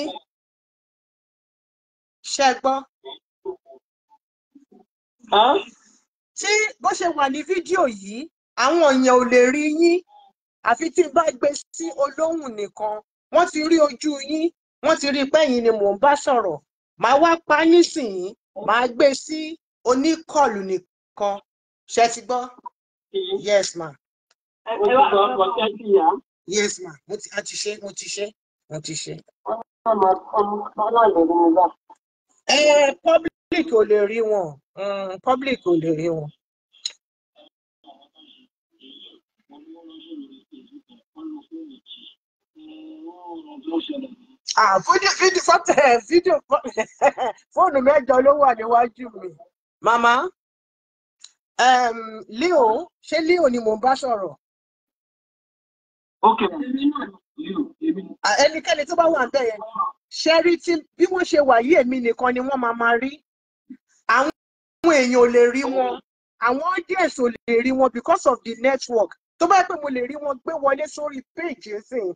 Speaker 1: Ṣé gbọ́? ṣé bó ṣe wà ní fídíò yìí àwọn èèyàn ò lè rí yín àfi tí n bá gbé sí olóhùn nìkan wọ́n ti rí ojú yín wọ́n ti rí pẹ́yìn ni mò ń bá sọ̀rọ̀ màá wá pa nísìnyí màá gbé sí oníkọlù nìkan ṣe ti gbọ́ yes ma. yes ma mo ti ṣe mo ti ṣe mo ti ṣe. ẹ public public ò lè rí wọn um public ò lè rí wọn. fídíò fídíò fídíò fóònù mẹ́jọ ló wà níwájú mi. màmá leo ṣé leo ni mò bá sọ̀rọ̀. okay ẹnikẹ́ni tó bá wà ń bẹ̀ yẹn ṣẹ́rí tí bí wọ́n ṣe wà yí èmi nìkan ni wọ́n máa máa rí àwọn èèyàn ò lè rí wọn àwọn audience ò lè rí wọn because of the network tó bá yẹ pé mo lè rí wọn gbé wọlé sórí page ẹsìn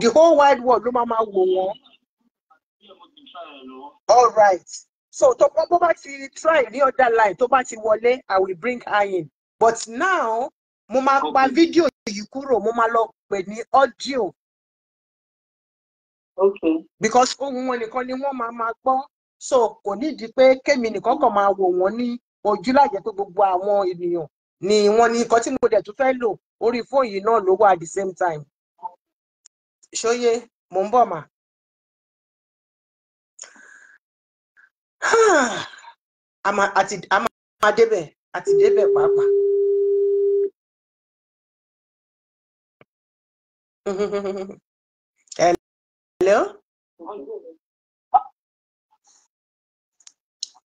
Speaker 1: the whole wide world ló máa máa wò wọn. all right so tó bó bá ti try ní other line tó bá ti wọlé i will bring her in but now mo máa pa fídíò yìí kúrò mo máa lọ pè ní audio. Okay. because ohun wọn nìkan ni wọ́n máa máa gbọ́ so kò nídìí pé kémi nìkan kàn máa wò wọ́n ní ojú lájẹ́ pé gbogbo àwọn ènìyàn ni wọ́n ní nǹkan tí mo dẹ̀ tún fẹ́ lò orí fóònù yìí náà ló wà at the same time ṣóyé mò ń bọ̀ mà.
Speaker 3: a máa débẹ̀ àti débẹ̀ pàápàá. Hello?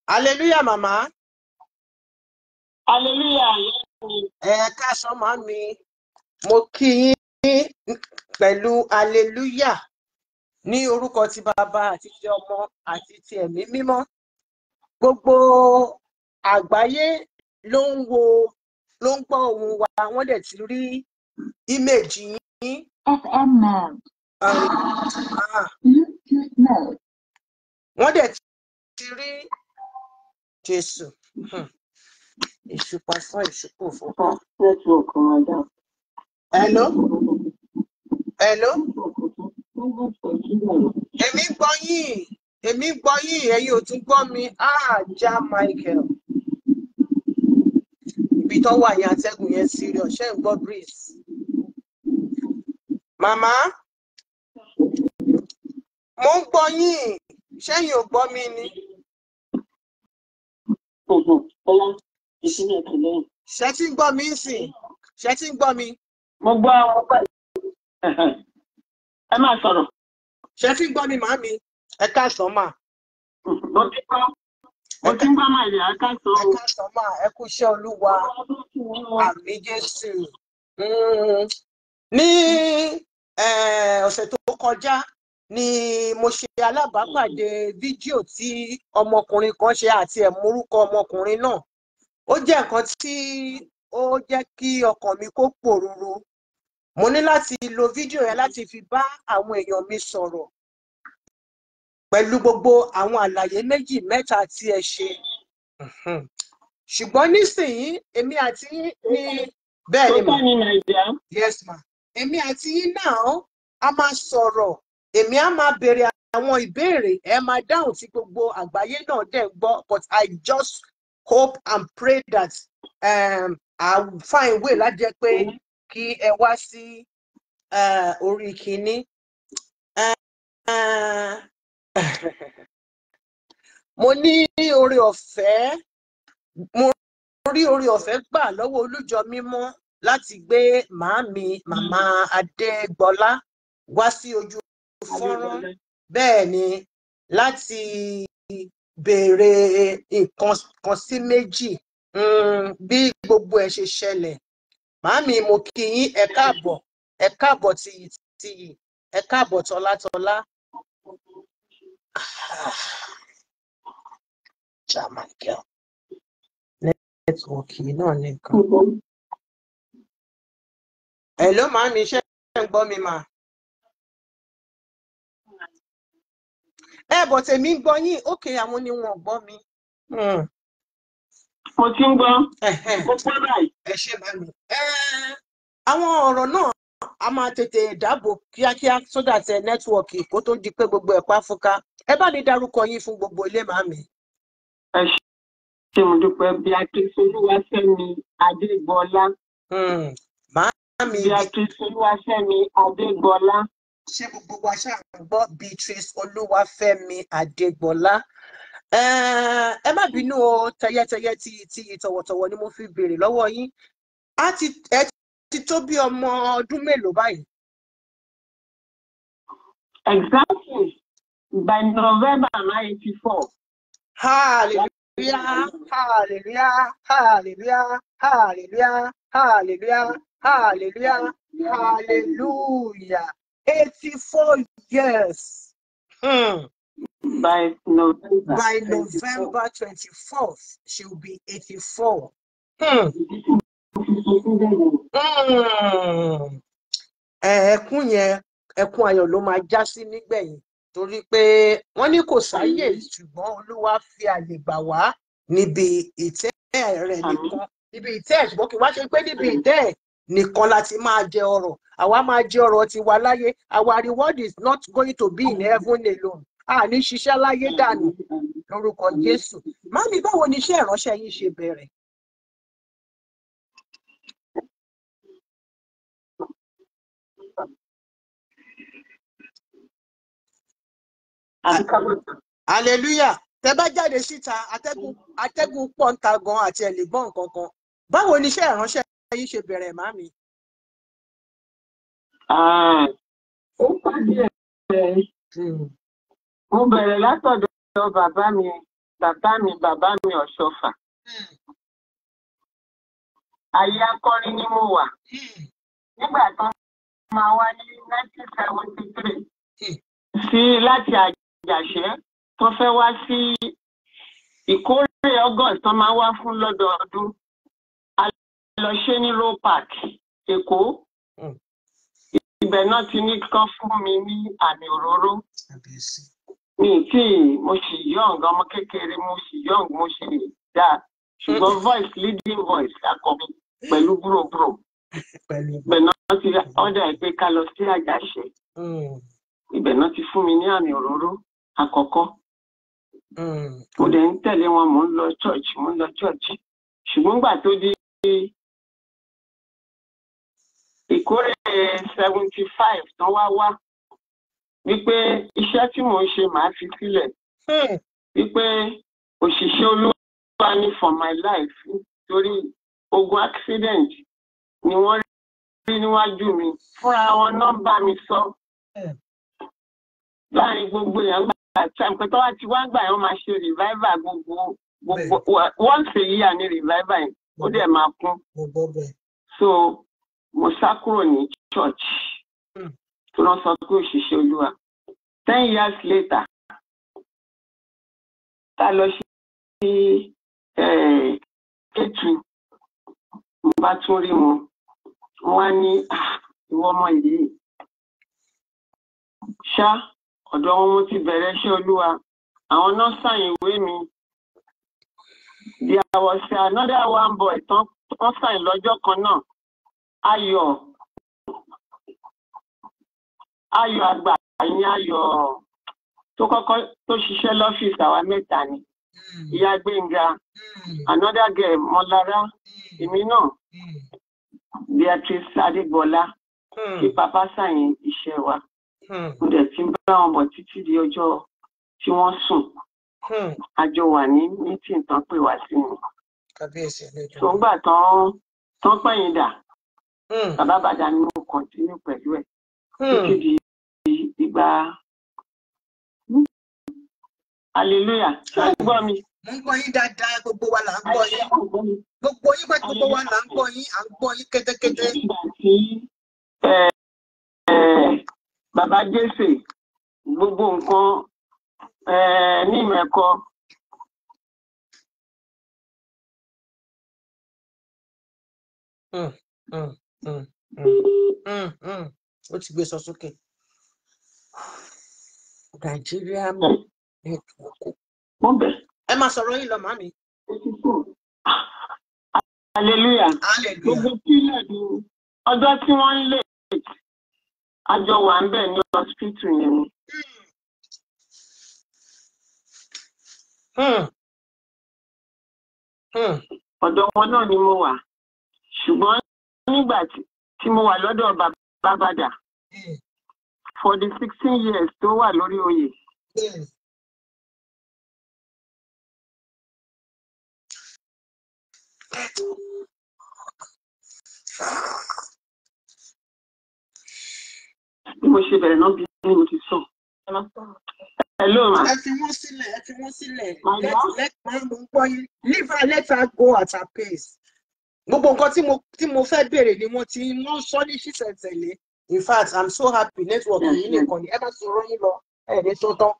Speaker 3: Hallelujah,
Speaker 1: mama. Hallelujah. Ẹ káàsán màá mi, mo kí yín pẹ̀lú aleluya ní orúkọ ti bàbá àti ti ọmọ àti ti ẹ̀mí mímọ́. Gbogbo àgbáyé ló ń wo ló ń gbọ́ ohùn wa wọ́n dẹ̀ ti rí ímèjì yín.
Speaker 3: FM man.
Speaker 1: Ah.
Speaker 3: Wọ́n dẹ̀ ti rí
Speaker 1: Jésus, je suis èṣù kò fọkọ. nẹ́tíwọ̀kì máa dá. hello hello. èmi gbọ́ yín èmi gbọ́ yín ẹ̀yin ò tún gbọ́ mi ah, ájà michael ibi tó wà yẹn atẹ́gùn yẹn serious ṣé ń gbọ́ breeze. màmá mo ń gbọ́ yín ṣẹ́yìn ò gbọ́ mi ni gbogbo ọlá ìsinmi ọkàn lọ́wọ́. ṣé tí ń gbọ́ mi ń sìn ṣé tí ń gbọ́ mi. mo gbọ́ àwọn ọgbà ẹ máa sọ̀rọ̀. ṣé tí ń gbọ́ mi màá mi ẹ káàsán mà. mo ti gbọ́ mo ti ń gbọ́ mà ìyá ẹ káàsán o. ẹ káàsán mà ẹ kú iṣẹ́ olúwa àmì jésù. Hmm. ní eh, ọ̀sẹ̀ tó kọjá ni mo ṣe alábàápàdé fídíò tí ọmọkùnrin kan ṣe àti ẹ̀mórúkọ ọmọkùnrin náà ó jẹ́ nǹkan tí ó jẹ́ kí ọkàn mi kó pòrúurú mo ní láti lo fídíò yẹn láti fi bá àwọn èèyàn mi sọ̀rọ̀ pẹ̀lú gbogbo àwọn àlàyé méjì mẹ́ta tí ẹ ṣe ṣùgbọ́n nísìnyí èmi àti ní bẹ́ẹ̀ ni mà yes ma èmi àti yín náà a máa sọ̀rọ̀ èmi á máa béèrè àwọn ìbéèrè ẹ máa dáhùn tí gbogbo àgbáyé náà dẹ̀ gbọ́ but i just hope and pray that um, i will find way láti jẹ́ pé kí ẹ wá sí uh, orí kínní. Uh, mo ní oore ọ̀fẹ́ mo rí oore ọ̀fẹ́ gbà lọ́wọ́ olújọ mímọ́ láti gbé màámi màmá adégbọlá wá sí ojú fọ́nrán bẹ́ẹ̀ ni láti béèrè nǹkan kan sí méjì hmm, bí gbogbo ẹ̀ ṣe ṣẹlẹ̀ màámi mo kí yín ẹ káàbọ̀ ẹ káàbọ̀ tìyì tìyì ẹ káàbọ̀ tọ́látọ́lá. Ah,
Speaker 3: Jamaica. Nẹ́tíwọ̀kì náà nìkan. Hello màámi, ṣé ẹ ń gbọ́ mi mà?
Speaker 1: ẹ eh, bọ̀ tèmi ń gbọ́ yín ókè àwọn ni wọn ò gbọ́ mi. Hmm. mo ti ń gbọ́ mo pẹ́ báyìí. ẹ ṣe bá mi eh, àwọn ọ̀rọ̀ náà a máa tètè dáàbò kíákíá sódà tẹ eh, nẹ́tíwọ̀kì kó tó di pé gbogbo ẹ̀pá fúnka ẹ bá ní dárúkọ yín fún gbogbo ilé màmí. ẹ ṣe mo dúpẹ́ Beatrice Olúwaṣẹ́mi Adégbọlá. Hmm. màámi. Beatrice Olúwaṣẹ́mi Adégbọlá ṣé gbogbo wa ṣáà ń gbọ́ Beatrice Olúwafẹ́mi Adégbọlá eh, ẹ má bínú o tẹyẹtẹyẹ ti ti tọ̀wọ̀tọ̀wọ̀ ni mo fi béèrè lọ́wọ́ yín á ti ẹ ti tó bí ọmọ ọdún mélòó báyìí. exactly by November ninety four. hallelujah hallelujah hallelujah hallelujah hallelujah hallelujah hallelujah. 84 years. Hmm. By November. By November 24th, she'll be 84. Hmm. Hmm. Ẹ̀ẹ̀kún yẹn, ẹ̀kún ayọ̀ ló máa já sí nígbẹ̀yìn torí pé wọ́n ní kò sáyè ṣùgbọ́n Olúwa fi àyè gbà wá níbi ìtẹ́ rẹ̀ nìkan. Níbi ìtẹ́ ṣùgbọ́n kì wá ṣe pé níbi ìtẹ́ nìkan láti máa jẹ ọrọ̀ àwa máa jẹ ọrọ̀ tiwa láyé our reward is not going to be in heaven alone àní ṣiṣẹ́ láyé dànù lórúkọ Jésù mami báwo ni iṣẹ́ ìránṣẹ́ yín ṣe bẹ̀rẹ̀. hallelujah tẹ bá jáde síta atẹ́gùn atẹ́gùn pọ̀ ń ta gan àti ẹ̀ lè gbọ́ nǹkan kan báwo ni iṣẹ́ ìránṣẹ́ yìí ṣe bẹ̀rẹ̀ màmí.
Speaker 3: Ah, ó pàdé ẹ̀
Speaker 4: mo bẹ̀rẹ̀ látọ̀dọ̀ bàbá mi
Speaker 1: bàbá mi bàbá
Speaker 4: mi ọ̀ṣọ́fà. Ayé akọrin ni mo wà. Nígbà tán máa wá ní nineteen seventy three sí láti àjàṣẹ́ tó fẹ́ wá sí ìkórè August tó máa wá fún lọ́dọọdún lọ ṣe ní row park èkó hmm. ibẹ̀ náà ti ní kán fún mi ní àmì òróró
Speaker 1: mi tí mo sì young ọmọ kékeré mo sì young mo sì dá ṣùgbọ́n voice leading voice akọ̀mí pẹ̀lú búròbúrò ibẹ̀ náà ti ọ̀dà ẹ̀ pé ká lọ sí àjàṣe
Speaker 3: hmm. ibẹ̀ náà
Speaker 1: ti fún mi ní àmì òróró àkọ́kọ́ hmm. mo dẹ̀ ń tẹ̀lé wọn mò ń lọ
Speaker 3: church mò ń lọ church ṣùgbọ́n gbà tó di
Speaker 4: ìkórè seventy five tán wá wá wípé iṣẹ́ tí mò ń ṣe màá fi sílẹ̀ hmm. wípé òṣìṣẹ́ olúwa ni for my life torí ogun accident ni wọ́n rí níwájú mi fúnra wọn náà bá mi sọ hmm.
Speaker 1: láàrin gbogbo èèyàn gbà tó wá ti wá gbà yẹn máa ṣe revival gbogbo gbogbo once a year ni revival yẹn ó dẹ̀ máa kún so mo sá kúrò ní church tó hmm. lọ sọ pé òṣìṣẹ́ olúwa
Speaker 3: ten years later tá lọ sí ètù eh, mo bá tún rí wọn
Speaker 4: wọn ní ah, ìwọ ọmọ yìí ṣá ọ̀dọ̀ wọn mo ti bẹ̀rẹ̀ iṣẹ́ olúwa àwọn náà sàyìn ìwé mi
Speaker 1: di àwọ̀ṣe another one boy tán sàyìn lọ́jọ́ kan náà ayọ̀ ayọ̀ àgbà ní ayọ̀
Speaker 4: tó kọ́kọ́ tó ṣiṣẹ́ lọ́fíìsì àwa mẹ́ta ni hmm. ìyá Gbẹ́ngà hmm.
Speaker 1: another girl Mọ́lára hmm. èmi náà Beatrice Adébọlá kí bàbá sàyìn iṣẹ́ wa mo dẹ̀ ti ń bá wọn bọ̀ títí di ọjọ́ tí wọ́n sùn àjọ wà ní mítìn tán pè wá sí mi. tó ń gbà tán tán pẹ̀yìn dà Hmm. bàbá àbàdà ni mo kọ̀ntínú pẹ̀lú ẹ̀ títí hmm. di ìgbà hallelujah ṣé ẹ gbọ́ mi.
Speaker 3: mo ń gbọ́ yín dáadáa gbogbo wa là ń gbọ́ yín gbogbo yín bá gbogbo wa là ń gbọ́ yín à ń gbọ́ yín kẹ́tẹ́kẹ́tẹ́. bàbá jésè gbogbo nǹkan ní ìmọ̀ Mm, mm. Mm,
Speaker 1: mm, mm, ó ti gbé e sọ sókè nàìjíríà mọ nẹtíwọkù. ẹ máa sọ̀rọ̀ yìí lọ màá mi. gbogbo kílẹ̀ ni
Speaker 4: ọjọ́ tí wọ́n ń lè àjọ wà ń bẹ̀ ní hospital yẹn ni.
Speaker 3: Hmm. Hmm.
Speaker 1: Hmm. ọ̀dọ̀ wọn náà ni mo wà ṣùgbọ́n nígbà tí mo wà lọ́dọ̀ bàbábàdà hmm. for the sixteen years tó wà lórí
Speaker 3: oyè. Hmm.
Speaker 1: bí mo ṣe bẹ̀rẹ̀ náà bí mo ti sọ. Hello, ma. Ẹ fi
Speaker 3: wọ́n sílẹ̀, ẹ fi wọ́n sílẹ̀. Let,
Speaker 1: let, let, let, let her go at her pace gbogbo nǹkan tí mo tí mo fẹ́ béèrè ni wọ́n ti wọ́n sọ ní ṣísẹ̀ntẹ̀lé in fact i'm so happy network yìí nìkan ni ẹ bá rọyìn lọ ẹ tó tán.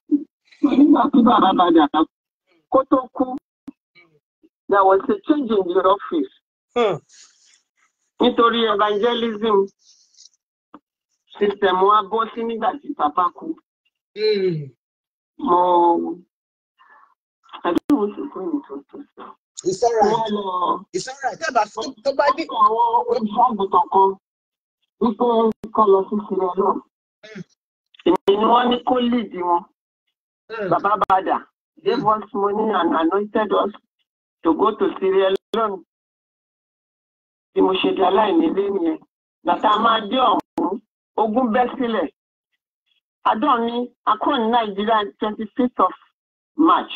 Speaker 1: nígbà tí bàbá bá kó tó kú there was a change in the office. Hmm. nítorí evangelism system wa bọ́ sí nígbà tí bàbá kú.
Speaker 4: Hmm. mo ẹ̀dùn mi sì kú ìtòtò sọ. It's all right. It's all right. Tẹ́bà tó bá dé. Àwọn olùṣọ́àgùntàn kan wípé kọ́ lọ sí ìṣẹ̀lẹ̀ náà.
Speaker 1: Èmi ni wọ́n ní kó lìdí wọn. Hmm. Bàbá Bàdà gave us money and anointed us to go to Sierra Leone. Bí mo ṣe di aláìnílé nìyẹn.
Speaker 4: Bàtà máa dé ọ̀hún, ogun bẹ́ sílẹ̀. Adọ́ni, akọ́ni
Speaker 1: Nàìjíríà twenty fifth of March.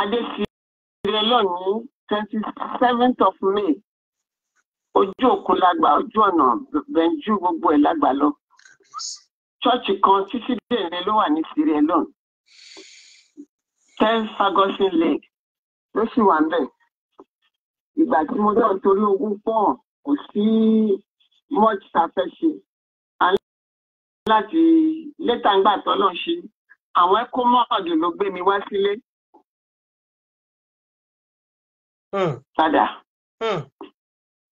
Speaker 1: Adé fi lọ́lọ́ ní twenty seventh of May ojú òkun lágbà ojú ọ̀nà bẹ́ńjú gbogbo ẹ̀ lágbà lọ ṣọ́ọ̀ṣì kan títí dèrè ló wà ní Sierra Leone ten Ferguson Lake ló sì wà ń bẹ̀
Speaker 4: ìgbà tí mo dọ̀ torí ogún pọ̀ kò sí much ta fẹ́ ṣe
Speaker 1: láti létà ń gbà tọ́lọ́ ṣe àwọn ẹ̀kọ́ mọ́ọ̀dù ló gbé mi wá sílé.
Speaker 3: Hmm. padà hmm.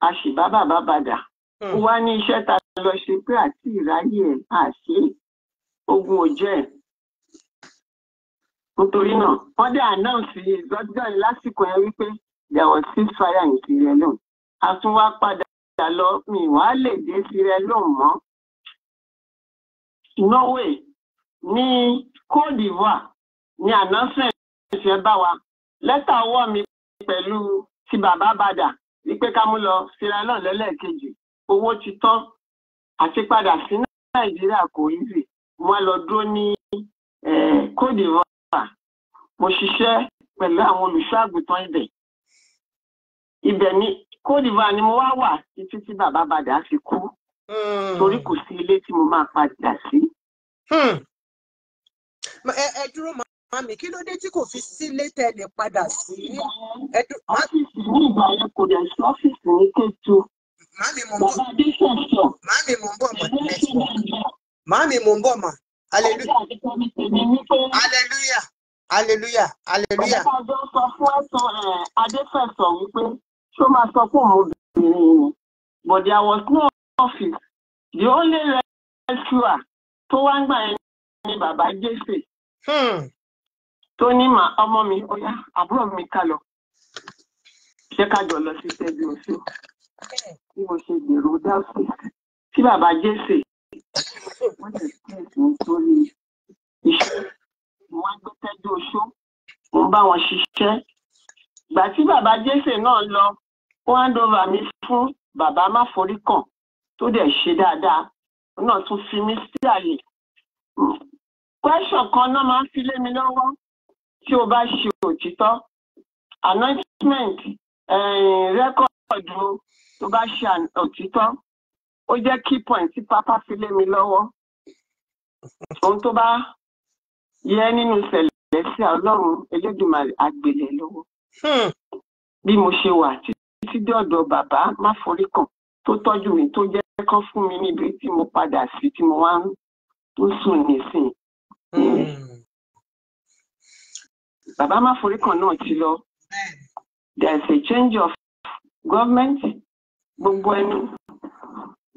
Speaker 1: a sì bá bàbá padà hmm. ó wá ní iṣẹ́ ta lọ ṣe pé àti ìráyè ẹ̀ àṣé ogun ò jẹ́ ẹ̀ nítorí náà wọ́n dé announce lọ́jọ́ yìí lásìkò
Speaker 4: yẹn wípé there was ceasefire in Sierra Leone
Speaker 1: a tún wá padà lọ mi wàá lè dé Sierra Leone mọ́ Norway ní Cote d'Ivoire ní announcement ṣe bá wa lẹ́tà ọwọ́ mi pẹ̀lú ti bàbá bàdà wípé ká mú lọ síra náà lẹ́lẹ́ẹ̀kejì owó ti tán àtipadà sí nàìjíríà kò easy wọ́n lọ dúró ní Côte d'Ivoire mo ṣiṣẹ́ pẹ̀lú àwọn olùṣọ́àgùntàn ibẹ̀ ibẹ̀ ni Côte d'Ivoire ni mo wá wà títí tí bàbá bàdà fi kú hmm. torí kò sí ilé tí mo máa padà sí. Hmm. ẹ dúró mọ mami kí ló dé tí kò fi sílé tẹ́lẹ̀ padà sí. ọ́fíìsì ní ìgbà yẹn kò dẹ̀ sí ọ́fíìsì ní Kétu. mami mo ń bọ̀ mami mo ń bọ̀ mọ̀ mami mo ń bọ̀ mọ̀ hallelujah hallelujah hallelujah hallelujah. ọ̀gá sọ fún ẹ̀sọ́
Speaker 4: adéfẹ̀sọ wípé ṣó máa sọ fún òun obìnrin ni but there was no
Speaker 1: office the only rescuer tó wá ń gbà yẹn ni bàbá jésè. Hmm tó ní mà ọmọ mi ọyá àbúrò mi ká lọ ṣé ká jọ lọ sí ṣẹ́bi oṣù
Speaker 4: bí mo ṣe dèrò dáúsì tí bàbá jésè wọ́n ti tẹ̀sí nítorí
Speaker 1: iṣẹ́ wọ́n gbé tẹ́jú oṣù mo bá wọn ṣiṣẹ́ ìgbà tí bàbá jésè náà lọ wọ́n hand over mi fún bàbá máforíkàn tó dẹ̀ ṣe dáadáa náà tún fi mí sí àyè.
Speaker 4: kwẹ́sọ̀n hmm. kan náà máa ń fi mi lọ́wọ́ tí o bá ṣe òtítọ́ anointment eh, rẹ́kọ̀dù tó bá ṣe òtítọ́
Speaker 1: ó jẹ́ key point tí pápá fi lé mi lọ́wọ́ ohun tó bá yẹ nínú ìṣẹ̀lẹ̀ sí ọlọ́run elédùnmarè àgbèlè lọ́wọ́ hmm. bí mo ṣe wà títí dé ọ̀dọ̀ bàbá má forí kàn tó tọ́jú mi tó jẹ́ kán fún mi níbi tí mo padà sí tí mo wá ń sùn nísìnyí. Hmm bàbá máforíkàn náà ti lọ there is a change of government gbogbo ẹnu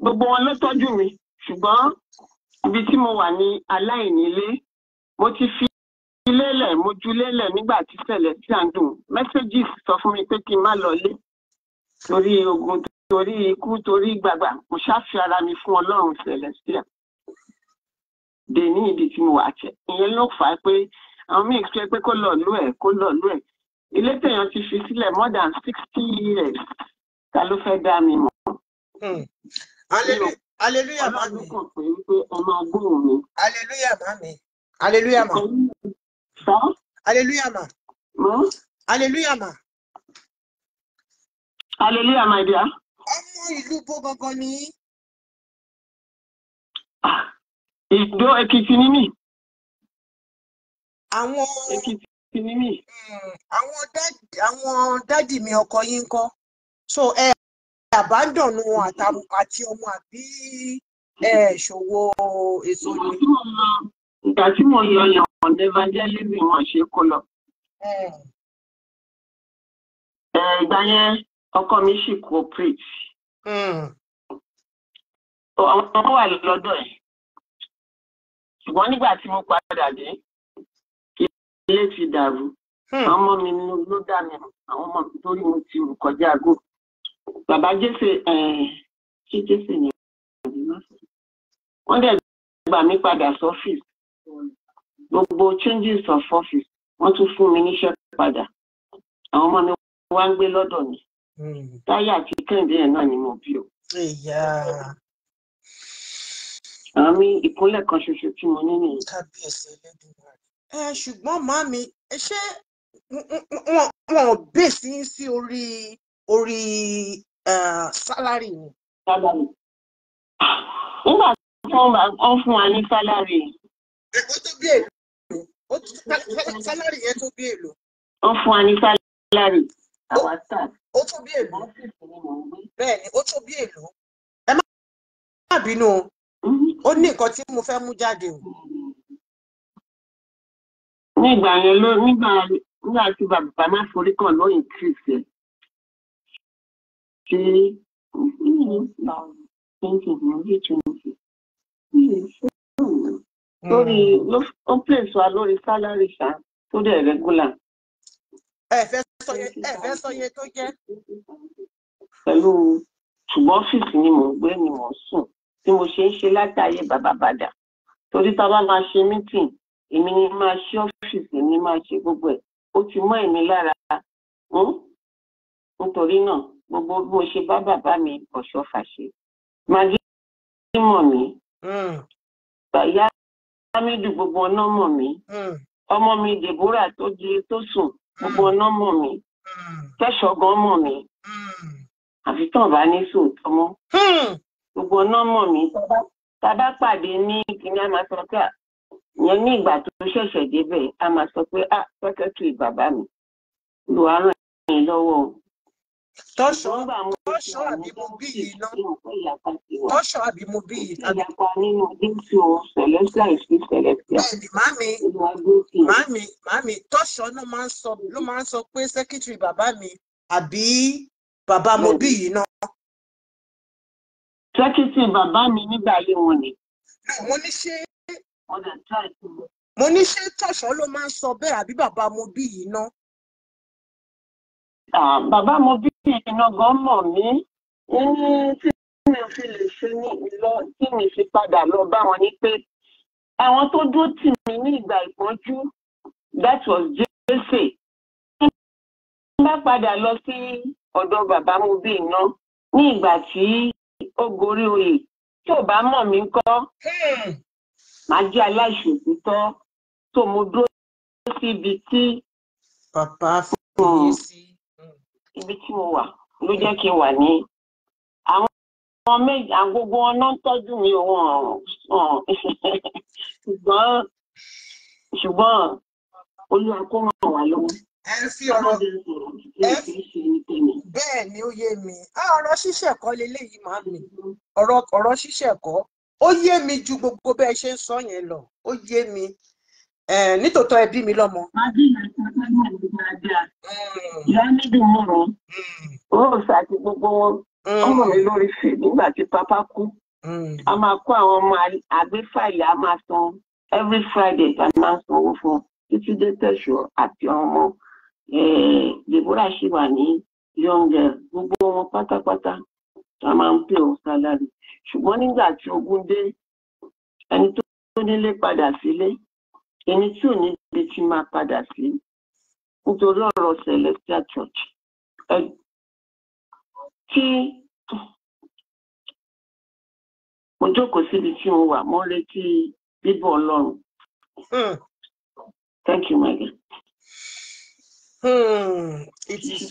Speaker 1: gbogbo wọn ló tọ́jú mi ṣùgbọ́n ibi tí mo wà ní aláìnílé
Speaker 4: mo ti fi ilélẹ̀ mojú lélẹ̀ nígbà tí ṣẹlẹ̀ tí à ń dùn messages
Speaker 1: sọ fún mi pé kí n má lọlé torí ogun torí ikú torí gbàgbà mo ṣáfi ara mi fún Ọlọ́run celestia dèní ibi tí mo wà jẹ ìyẹn ló fà á pé àwọn míì fi pé kó lọ lú ẹ̀ kó lọ lú ẹ̀ ilé tèèyàn ti fi sílẹ̀ more than sixty years ta ló fẹ́ dá mi mọ̀. aleluya hmm. má mi aleluya má mi aleluya má. aleluya má. aleluya má. aleluya my dear.
Speaker 3: ọmọ ìlú bó gangan ni. Ah, Ìdó Èkìtì ni mí
Speaker 1: àwọn èkìtì ni mí. Hmm, àwọn dádì mi ọkọ yín kọ́ so ẹ àbádọ̀nù àti ọmọ àbí ṣòwò èso ni. ìgbà tí
Speaker 3: mo lọ yàn evangelism wọn ṣe kó lọ. Hmm. ìgbà yẹn ọkọ mi sì cooperate. Hmm.
Speaker 4: àwọn ọmọ wà lọ́dọ̀ ẹ̀ ṣùgbọ́n nígbà tí mo padà dé ilé fi dàrú hmm. ọmọ mi ló dà mí
Speaker 1: àwọn ọmọ mi torí mo ti wù kọjá àgò bàbá jésè ṣé eh, jésè yẹn wọ́n dẹ̀ gbà mí padà sọ́fíìsì gbogbo changes of office wọ́n tún fún mi níṣẹ́ padà àwọn ọmọ mi wá ń gbé lọ́dọ̀ mi hmm. táyà àti kẹ́hìndé yẹn náà ni mo bí o. àmì ìkúnlẹ̀ kan ṣoṣo tí mo ní nìyí ẹ ṣùgbọ́n màmí ṣé wọn ò bèsì sí orí orí sálárì ni. nígbà tí wọ́n fún wa ní sálárì. ó tó bí èlò sálárì yẹn tó bí èlò.
Speaker 4: wọ́n fún wa ní sálárì
Speaker 1: àwa staff. ó tó bí èlò bẹ́ẹ̀ ni ó tó bí èlò ẹ má bínú o mm-hmm. ó ní nǹkan tí mo fẹ́ mú jáde o nígbà yẹn ló nígbà nígbà tí bàbá má forí kàn ló
Speaker 3: increase ẹ̀ tí
Speaker 4: lórí hmm.
Speaker 1: ó place wa lórí salary ṣá
Speaker 4: tó dẹ̀ regular.
Speaker 1: ẹ fẹ́ sọ yẹ ẹ fẹ́ sọ yẹ tó jẹ́. pẹ̀lú ṣùgbọ́n ọ́fíìsì ni mò ń gbé
Speaker 4: ni mò ń sùn tí mo ṣe ń ṣe látàyè bàbá bàdà torí tá a bá máa ṣe meeting èmi ni máa ṣe ọ́fíìsì èmi máa ṣe gbogbo ẹ̀ ó ti mọ́ èmi lára hmm? nítorí náà gbogbo bí mo ṣe bá bàbá mi ọ̀ṣọ́fà ṣe
Speaker 3: màgí mọ̀ mí hmm. ìyá Hamidu gbogbo
Speaker 4: ọ̀nà mọ̀ mí hmm. ọmọ mi Deborah tó di tó sùn gbogbo ọ̀nà mọ̀ mí kẹ́sọ̀ gan mọ̀ mí àfi tán bá ní sòótọ́ mọ́ gbogbo ọ̀nà mọ̀ mí tá a bá pàdé ní kìnìún àmàtọ́kà yẹn ní ìgbà
Speaker 1: tó ṣẹ̀ṣẹ̀ débẹ̀ a máa sọ pé ah secretary bàbá mi lò á ràn yín lọ́wọ́ o. tọ́ṣọ́ tọ́ṣọ́ àbí mo bí yìí ná tọ́ṣọ́ àbí mo bí yìí ná. ìyapa nínú dínkù celestial is still celestial. bẹ́ẹ̀ni màmí màmí màmí tọ́ṣọ́ ló máa ń sọ ló máa ń sọ pé secretary bàbá mi àbí bàbá mo bí yìí ná.
Speaker 3: secretary bàbá mi nígbà yẹn wọn ni.
Speaker 1: mo wọ́n dẹ̀ try to. mo ní ṣé tọ̀sán ló máa ń sọ bẹ́ẹ̀ àbí bàbá mo bí yìí ná. bàbá mo bí yìí ná gan mọ̀ mí ní tí mi fi lè ṣe ní ìlọ tí mi fi padà lọ bá wọn ní pé àwọn tó dúró tì mí
Speaker 4: ní ìgbà ìpọ́njú that was jésè bá padà lọ sí ọ̀dọ̀ bàbá mo bí iná ní ìgbà tí ó gorí
Speaker 1: oyè tí ò bá mọ̀ mí kọ́ hmm màá jẹ́ aláìṣòtítọ́ tó mo dúró síbi tí
Speaker 3: bàbá fi mí hmm.
Speaker 1: sí
Speaker 4: ibi tí mo wà
Speaker 1: ló jẹ́ kí n wà ní
Speaker 4: àwọn àwọn méjì àgógó wọn tọ́jú mi òun ṣùgbọ́n
Speaker 1: ṣùgbọ́n olúwa kó ràn wá lọ́wọ́. ẹ fi ọ̀rọ̀ ẹ ni ó yé mi ah, ọ̀rọ̀ ṣíṣẹ̀kọ́ leléyìí máa mi ọ̀rọ̀ ṣíṣẹ̀kọ́ ó yé mi ju gbogbo bẹ́ẹ̀ ṣe ń sọ yẹn lọ ó yé mi nítòótọ́ ẹ bí mi lọ́mọ. Màdínà ṣàkóso ìlú dáadáa. Ìyá níbi mọ̀rọ̀. Rose àti gbogbo hmm. ọmọ mi lórí fi nígbà tí pápá kú. Hmm. A máa kó àwọn ọmọ àgbéfàyà
Speaker 4: a máa san every Friday a
Speaker 1: máa sanwó fún títí dé tẹ̀sù àti ọmọ. Deborah ṣì wà ní young girl gbogbo wọn pátápátá. A máa ń pè ọ́ sálárì ṣùgbọ́n nígbà tí ogun dé ẹni tó nílé padà sílé ẹni tí ò ní ibi tí máa padà sí nítorí ọ̀rọ̀ Celestial Church tí mo jókòó síbi tí mo wà mo retí bíbọ̀ Ọlọ́run. Hmm. Thank you, my dear. Hmm, it is,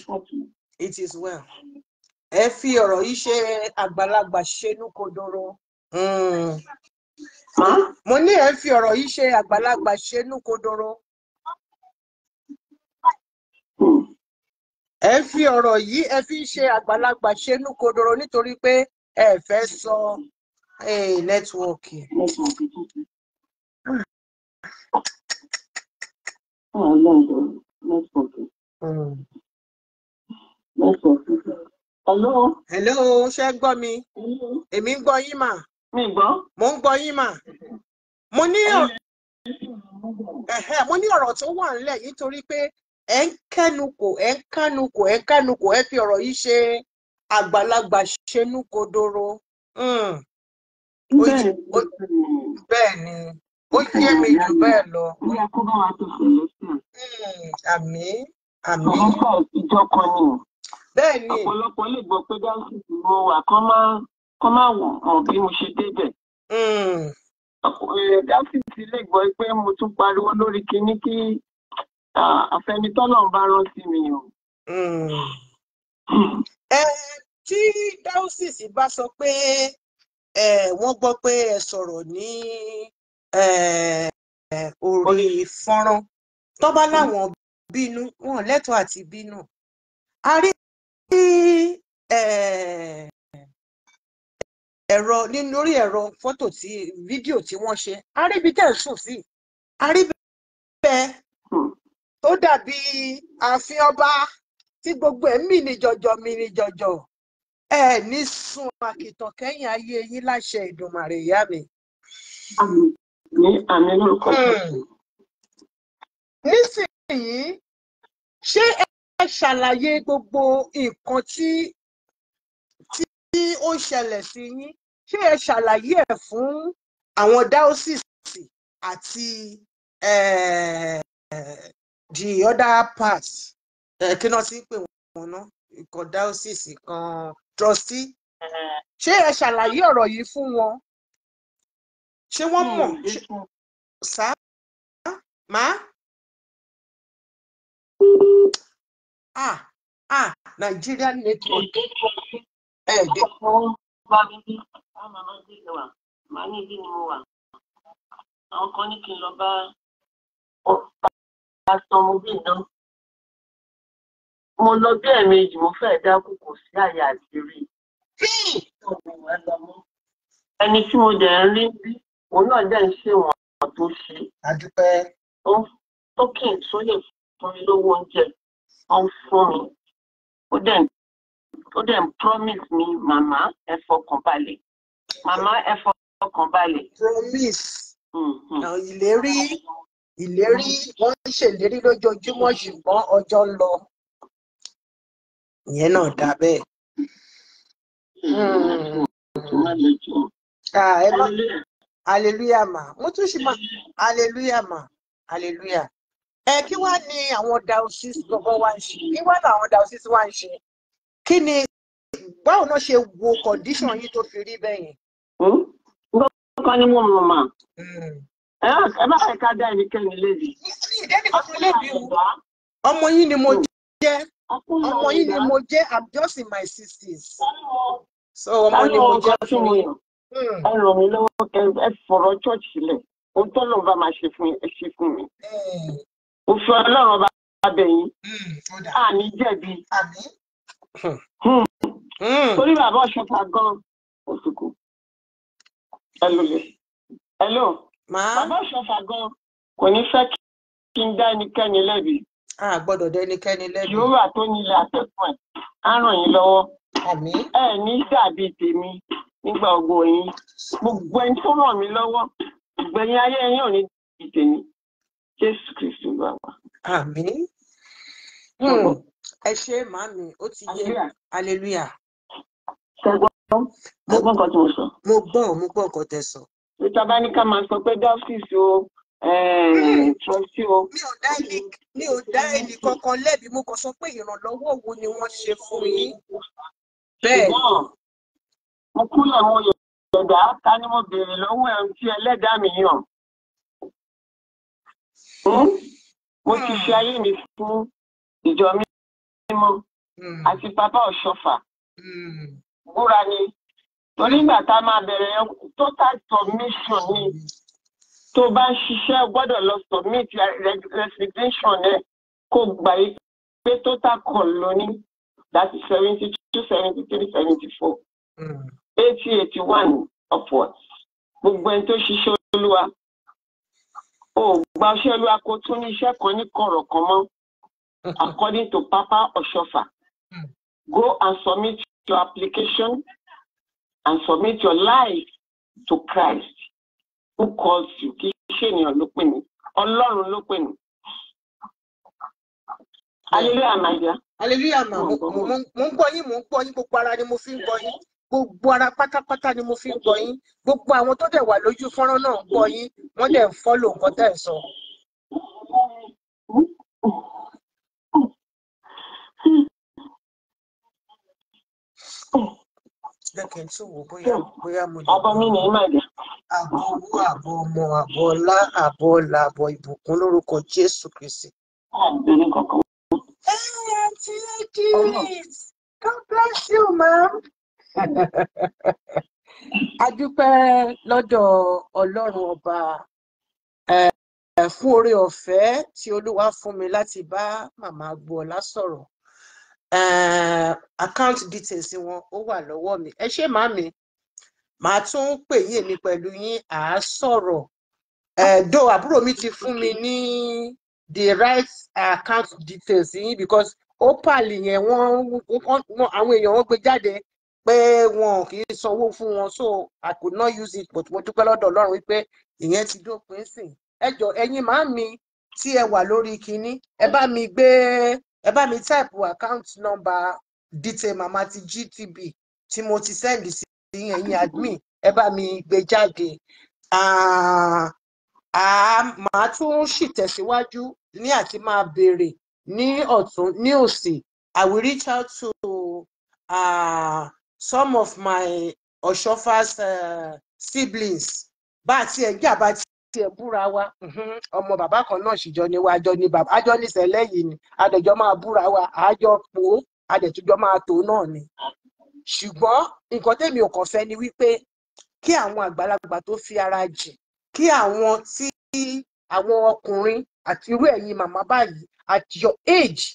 Speaker 1: it is well ẹ fi ọ̀rọ̀ yìí ṣe àgbàlagbà ṣenú kodoro. Hmm. mo ní ẹ fi ọ̀rọ̀ yìí ṣe àgbàlagbà ṣenú kodoro. Hmm. ẹ fi ọ̀rọ̀ yìí ẹ fi ṣe àgbàlagbà ṣenú kodoro nítorí pé ẹ fẹ́ sọ nẹ́tíwọ́ọ̀kì. Nẹ́tíwọ́ọ̀kì. Hmm. Nẹ́tíwọ́ọ̀kì. Hello. Hello, ṣé ẹ gbọ́ mi? Èmi ń gbọ́ yín mà. Mi gbọ́. Mo ń gbọ́ yín mà. Mo ní ọ̀rọ̀ mo ní ọ̀rọ̀ tó wà nílẹ̀ nítorí pé ẹ ń kẹ́nukò ẹ ń kánukò ẹ ń kánukò ẹ fi ọ̀rọ̀ yìí ṣe àgbàlagbà ṣenú kodoro. Bẹ́ẹ̀ hmm. ni, ó yé mi jù bẹ́ẹ̀ lọ. Àmì àmì. Ìjọkọ̀ ni bẹ́ẹ̀ ni ọ̀pọ̀lọpọ̀ lè gbọ́ pé dáńsì tí mo wà kán máa kán máa wò
Speaker 4: mọ̀ bí mo ṣe débẹ̀. Hmm. Eh, dáńsì tí lè gbọ́ pé mo tún
Speaker 1: pariwo lórí kinní kí àfẹnitọ́lọ̀ bá rán sí mi o. Hmm. Hmm. tí dáńsì bá sọ pé wọ́n gbọ́ pé ẹ sọ̀rọ̀ ní orí fọ́nrán tọ́ba láwọn bínú wọn lẹ́tọ̀ọ́ àti bínú a rí Eh, ẹ̀rọ lórí ẹ̀rọ fọ́tò tí fídíò tí wọ́n ṣe aríbi tẹ̀ ń sùn sí aríbi bẹ́ẹ̀ ó dàbí ààfin ọba tí gbogbo ẹ̀ mì ní jọjọ mì ní jọjọ ẹ ní sun àkìtàn kẹ́yìn ayé yín láṣẹ ìdùnmàrè ìyá mi. àmì lórúkọ hmm. nísìnyí ṣé ẹ ṣàlàyé gbogbo nǹkan tí tí ó ṣẹlẹ̀ sí yín ṣé ẹ ṣàlàyé ẹ̀ fún àwọn dáósìsì àti eh, the other part eh, kí náà ti ń pè wọ́n ná ikọ̀ dáósìsì kan trustee ṣé ẹ ṣàlàyé
Speaker 3: ọ̀rọ̀ yìí fún wọn
Speaker 1: ṣé wọ́n mọ̀ sá
Speaker 3: má. ah
Speaker 1: ah Nigerian network ẹ̀ẹ́dẹ́. ọkọ̀ bá mi bí
Speaker 4: àmọ́ máa ń gbé ìjọba màá ní ibi ni mo wà. àwọn kan ní kí n lọ bá
Speaker 3: pásítọ̀ mo bí iná. mo lọ
Speaker 4: bí ẹ̀ẹ̀mejì mo fẹ́ dákú kò sí àyè àti rí i. ẹni tí mo dẹ̀ ń rí bí òun náà dẹ̀ ń ṣèwọ̀n tó ṣe. adúpẹ́. ó kì sóyè fún mi lówó oúnjẹ ó ń fún mi ó dẹ̀ ń ó them, promise me, Mama, ẹ fọkàn
Speaker 1: Mama, màmá ẹ promise mm-hmm. ìlérí ìlérí wọ́n ń ṣèlérí lójoojúmọ́ ṣùgbọ́n ọjọ́ ń lọ ìyẹn náà dá bẹ́ẹ̀. Mm-hmm. Ah, ẹ má hallelujah ma mo tún ṣe ma hallelujah ma hallelujah. ẹ kí wàá ní àwọn dioceses gbogbo wá ń ṣe kí wàá ní àwọn dioceses wá ń ṣe kí ni báwo náà ṣe wo condition yìí tó fi rí bẹ́yìn. gbogbo hmm? ni mo mọ̀ mà. Hmm. ẹ bá ṣe ká dá ẹnikẹ́ni lébi. ọmọ yìí ni mo hmm. jẹ́ ọmọ yìí ni mo jẹ́ i'm just in my sixties. so ọmọ ni mo jẹ́ fún mi.
Speaker 4: ẹ ràn mí lọ́wọ́ ẹ fọ̀rọ̀ church sílẹ̀ ohun tó lọ́ọ́ bá máa ṣe fún ẹ ṣe fún mi. òfin ọlọ́run bá bẹ̀ yín. àní Hmm. Hmm. torí bàbá ọ̀ṣọ́ta gan òsìkò
Speaker 1: ẹ lulẹ̀ ẹ lò bàbá ọ̀ṣọ́ta gan kò ní fẹ́ kí n dá ẹnikẹ́ni lẹ́bi. a gbọ́dọ̀ dá ẹnikẹ́ni lẹ́bi. yòówà tó nílẹ̀ àtẹ̀kùn ẹ̀ á ràn yín lọ́wọ́. àmín. ẹ ní dàbí tèmi nígbà ogun yín gbogbo ẹni tó ràn mí lọ́wọ́ ìgbẹ̀yìn ayé yín ò ní dàbí tèmi jésù kristu bàbá ẹ ṣe màmí ó ti yé hallelujah. mo gbọ́ nǹkan tó sọ. mo gbọ́ mo gbọ́ nǹkan tẹ sọ. ìta bá máa sọ pé justice o hmm. trọ́sí o. mi ò dá ẹni mi ò dá ẹni kankan lẹ́bi mo kàn sọ pé ìrànlọ́wọ́ wo ni wọ́n ṣe fún yín. bẹ́ẹ̀ mo kúlẹ̀ mo yẹ
Speaker 3: ẹ̀dá ká ní mo béèrè lọ́wọ́ ẹ̀ tí ẹlẹ́dàá mi yàn.
Speaker 4: Hmm? mo ti ṣe hmm. ayé mi fún ìjọ mi mímọ́ hmm. àti pápá ọ̀ṣọ́fà búra hmm. ni torí ìgbà tá a máa bẹ̀rẹ̀ yẹn total submission ni tó bá ń ṣiṣẹ́ gbọ́dọ̀ lọ submit resignation ẹ̀ kó gbà yí pé total call ló ní
Speaker 1: that is seventy two seventy three seventy four hmm. eighty eighty one upwards gbogbo ẹni tó ṣiṣẹ́ olúwa ò gba iṣẹ́ olúwa kó tún ní iṣẹ́ kan ní kọ̀rọ̀ kan mọ́. according to Papa Oshofa. Hmm. Go and submit your application and submit your life to Christ who calls you. Kì í ṣe ènìyàn ló pè Ọlọ́run ló pè mí. Hallelujah, my dear. ma. Mo ń gbọ́ yín, mo ń gbọ́ yín, gbogbo ara ni mo fi ń gbọ́ yín. Gbogbo ara pátápátá ni mo fi ń gbọ́ yín. Gbogbo àwọn tó dẹ̀ wà lójú fọ́nrán náà ń gbọ́ yín. Wọ́n dẹ̀ ń fọ́lò nǹkan tẹ̀ sọ jẹ́ kí n tún wò bóyá bóyá mo lè. àbọ̀ mi nìyí máa dé. àbọ̀ owó àbọ̀ ọmọ àbọ̀ ọlá àbọ̀ ọlà àbọ̀ ìbùkún lórúkọ Jésù Kristi. àbẹ̀rẹ̀ e. God bless you ma'am. a lọ́dọ̀ Ọlọ́run ọba fún oore ọ̀fẹ́ tí Olúwa fún mi láti bá màmá Agboola sọ̀rọ̀. Eh, account details wọn ó wà lọ́wọ́ mi ẹ ṣé màmí màá tún pè yé mi pẹ̀lú yín à á sọ̀rọ̀ do eh, àbúrò mi ti fún mi ní the right account details yín because opal yẹn wọ́n àwọn èèyàn wọ́n gbé jáde pé wọn kì í sanwó fún wọn so I could not use it but mo dúpẹ́ lọ́dọ̀ Ọlọ́run wípé ìyẹn ti dópin sí ẹjọ ẹ̀yin màmí tí ẹ wà lórí kinní ẹ bá mi gbé ẹ bá mi táìpù àkáǹtì nọ́mbà detail mama ti gtb tí mo ti sẹ́ndì sí ẹ̀yin admin ẹ bá mi gbé jáde ah, ah, màá tún sì tẹ̀síwájú ní àti máa béèrè ní ọ̀tún ní òsì I will reach out to uh, some of my Ọ̀ṣọ́fà's uh, eh, siblings bá àti ẹ̀jẹ̀ àbá tiẹ̀ búra wa ọmọ bàbá kan náà ṣìjọ ni wa àjọ ni bàbá àjọ ní sẹ́lẹ̀ yìí ni àdẹ̀jọ́ máa búra wa àjọ pò ó àdẹ̀tújọ́ máa tò náà ni ṣùgbọ́n nǹkan tèmi ò kàn fẹ́ ni wípé kí àwọn àgbàlagbà tó fi ara jìn kí àwọn tí àwọn ọkùnrin àti irú ẹ̀yin màmá báyìí at your age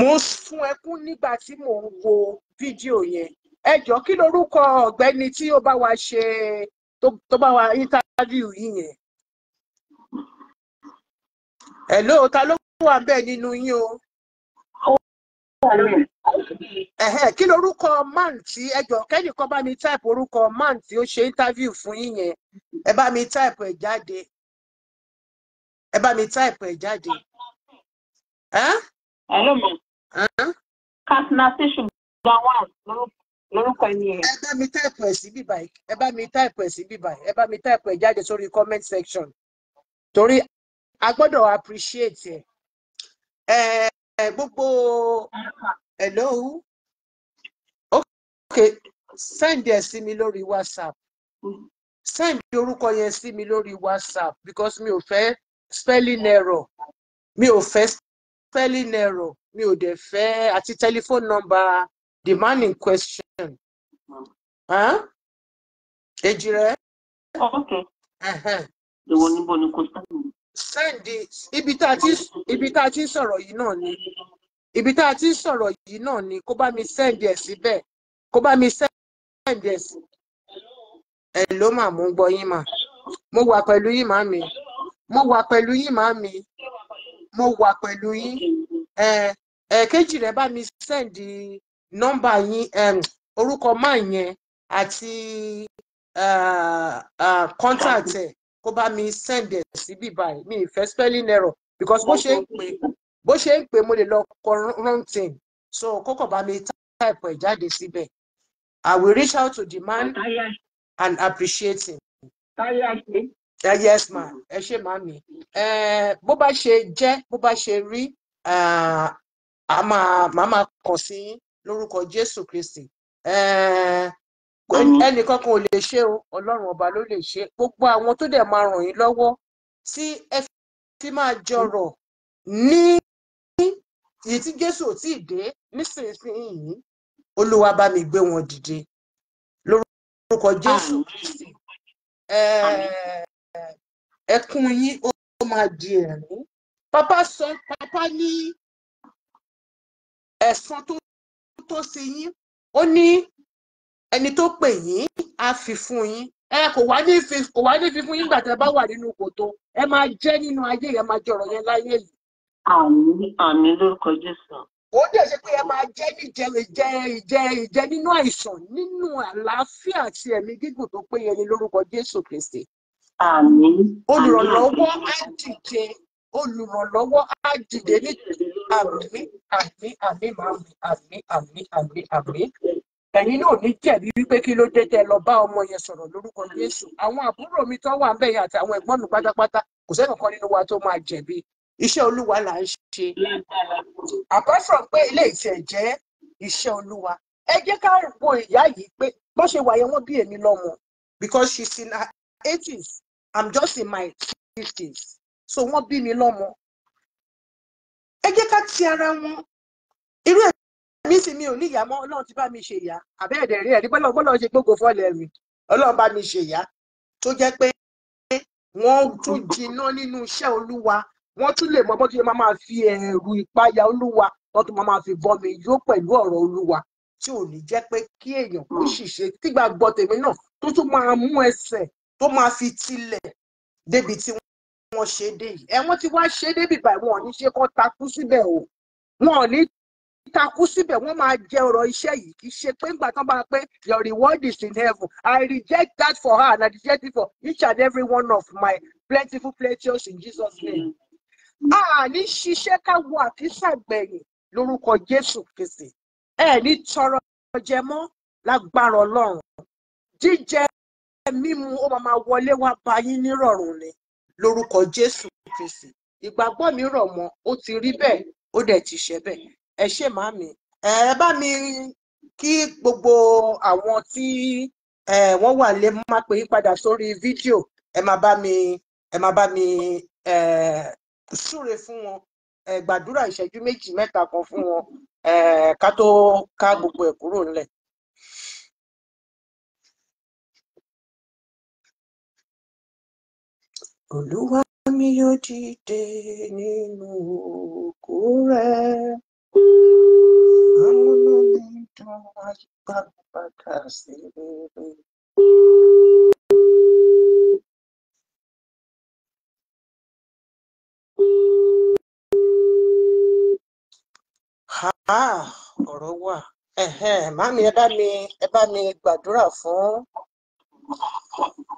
Speaker 1: mo fún ẹkún nígbà tí mò ń wo fídíò yẹn ẹ jọ kí lorúkọ ọ̀gbẹ́ni tí ó bá wa ṣe tó bá wa interview yín yẹn. hello ta ló wà bẹ́ẹ̀ nínú yín o. kí lorúkọ man tí ẹjọ kẹ́nìkan bá mi type orúkọ man tí ó ṣe interview fún yín yẹn ẹ bá mi type ẹ jáde ẹ bá mi type ẹ jáde. hello ma. Katsina Station gba one lórúkọ. lórúkọ ẹni ẹ. ẹ bá mi táìpù ẹ sí bíbá yìí ẹ bá mi táìpù ẹ sí bíbá ẹ bá mi táìpù ẹ jáde sórí comment section torí a gbọ́dọ̀ appreciate ẹ ẹ gbogbo hello ok send ẹ sí mi lórí whatsapp send orúkọ yẹn sí mi lórí whatsapp because mi ò fẹ́ spelling error mi ò fẹ́ spelling error mi ò dẹ̀ fẹ́ àti telephone number the man in question. Huh? Ejire? Okay. Uh-huh. Ìwọ níbo ni kò sẹ́yìn? Sẹ́ndì ibi tá a ti sọ̀rọ̀ yìí náà ni kó bá mi send ẹ̀ síbẹ̀ kó bá mi send ẹ̀ sí. Ẹ ló mà mú gbọ́ yín mà. Mo wà pẹ̀lú yín màá mi. Mo wà pẹ̀lú yín màá mi. Mo wà pẹ̀lú yín. Ẹ kejì rẹ̀ bá mi sẹ́ndì nọ́mbà yín orúkọ máa yẹn àti eh, eh, contact ẹ̀ kó bá mi send ẹ̀ sí bíbá ẹ̀ mi ìfẹ́ spelling error because bó ṣe ń pè mo lè lọ kọ wrong thing so kókò bá mi type ẹ̀ jáde síbẹ̀ I will reach out to the man and appreciate him. Uh, yes ma ẹ ṣe máa mi bó bá ṣe jẹ́ bó bá ṣe rí a máa kàn sí yín lórúkọ jésù kristi eh, ẹnìkan kan ò lè ṣe o ọlọ́run ọba ló lè ṣe gbogbo àwọn tó dẹ̀ máa ràn yín lọ́wọ́ tí ẹ fi máa jọrọ̀ ní èyí tí jésù ò tí ì dé nísinsìnyí olúwa bá mi gbé wọn dìde lórúkọ jésù kristi eh, ẹkún yín ó máa di ẹ̀rín pápá sọ pápá ní ẹ̀san tó tó sí yín ó ní ẹni tó pè yín á fi fún yín ẹ kò wá ní fi kò wá ní fi fún yín gbàtẹ́ bá wà nínú kòtò ẹ máa jẹ́ nínú ayé yẹn máa jọ̀rọ̀ yẹn láyé yìí. àmín àmín lórúkọ Jésù. ó dẹ̀ ṣe pé ẹ máa jẹ́ níjẹ ìjẹ ìjẹ ìjẹ nínú àìsàn nínú àlàáfíà àti ẹ̀mí gígùn tó péye ní lórúkọ Jésù Kristi. àmín. olùrànlọ́wọ́ á dìde olùrànlọ́wọ́ á dìde nítorí àmín àmín àmín màmí àmín àmín àmín àmín ẹ̀yin náà ní jẹ̀bi wípé kí ló dé lọ bá ọmọ yẹn sọ̀rọ̀ lórúkọ Jésù àwọn àbúrò mi tó wà ńbẹ̀ yẹn àti àwọn ẹ̀gbọ́n mi pátápátá kò sẹ́kọ̀ọ́kan nínú wa tó máa jẹ̀bi iṣẹ́ olúwa là ń ṣe apart pé ilé ìfẹ́ jẹ́ iṣẹ́ olúwa ẹ jẹ́ ká wo ìyá yìí pé bó ṣe wà yẹn wọ́n bí èmi lọ́mọ because she's in her eighties i'm just in my fifties so wọ́n bí mi lọ́mọ ẹ jẹ́ ká ti ara wọn irú ẹ̀mí sì mi ò ní ìyá mọ́ ọlọ́run ti bá mi ṣe ìyá àbẹ́ ẹ̀dẹ̀ rí ẹ̀rí bọ́lá ọgbọ́lọ́ ṣe gbogbo fọ́lẹ̀ mi ọlọ́run bá mi ṣe ìyá tó jẹ́ pé wọ́n tún jiná nínú iṣẹ́ olúwa wọ́n tún lè mọ bó ti máa fi ẹ̀rù ìpayà olúwa wọ́n tún máa fi bọ́ mi yó pẹ̀lú ọ̀rọ̀ olúwa tí ò ní jẹ́ pé kí èèyàn kó ṣìṣe tí gbàgbọ́ tèmi náà tó tún máa mú ẹsẹ̀ tó máa fi tilẹ̀ débi tí wọ́n ṣe dé yìí ẹ̀wọ̀n tí wọ́n ṣe dé bìbà wọn ò ní ṣe kọ́ takú síbẹ̀ o wọn ò ní takú síbẹ̀ wọ́n máa jẹ ọ̀rọ̀ iṣẹ́ yìí kì í ṣe pé ńgbà tán bá pé your reward is in heaven I reject that for her and I reject it for each and every one of my plentiful plenteous in Jesus name. a ní ṣiṣẹ́ ká wo àfísàgbẹ̀yìn lórúkọ Jésù Kristi ẹ ní tọrọ jẹ mọ́ lágbára Ọlọ́run jíjẹ mímu ó máa wọlé wá bá yín nírọ̀rùn ni lórúkọ jésù kristi ìgbàgbọ́ mi rọ̀ mọ́ ó ti rí bẹ́ẹ̀ ó dẹ̀ ti ṣe bẹ́ẹ̀ ẹ ṣé màámi ẹ bá mi kí gbogbo àwọn tí wọ́n wà lé má pè yípadà sórí fídíò ẹ máa bá mi ẹ máa bá mi súre fún wọn gbàdúrà ìṣẹ́jú méjì mẹ́ta kan fún wọn ká tó ká gbogbo ẹ̀ kúrò ńlẹ̀.
Speaker 3: olúwa
Speaker 4: mi yóò dìde nínú ògo rẹ amúnú mi dùn ayípadà padà sí
Speaker 3: rere.
Speaker 1: ọ̀rọ̀ wà màmí ẹ bá mi ẹ bá mi gbàdúrà fún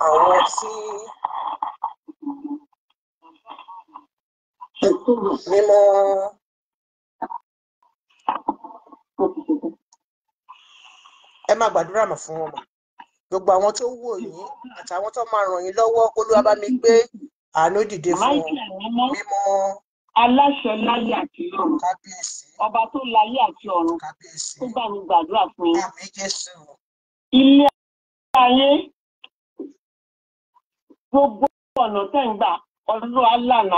Speaker 1: àwọn tí Hello. Ẹ máa gbàdúrà mà fún wọn mọ̀. Gbogbo àwọn tó wò yín àtàwọn tó máa ràn yín lọ́wọ́ Olúwa bá mi gbé àánú dìde fún wọn. Mímọ́. Aláṣẹ láyé àti ọ̀run. Kábíyèsí. Ọba
Speaker 4: tó láyé àti ọ̀run. Tó bá mi gbàdúrà fún yín.
Speaker 3: Ilé
Speaker 1: ayé. Gbogbo ọ̀nà tẹ́ ń gbà ọdún alànà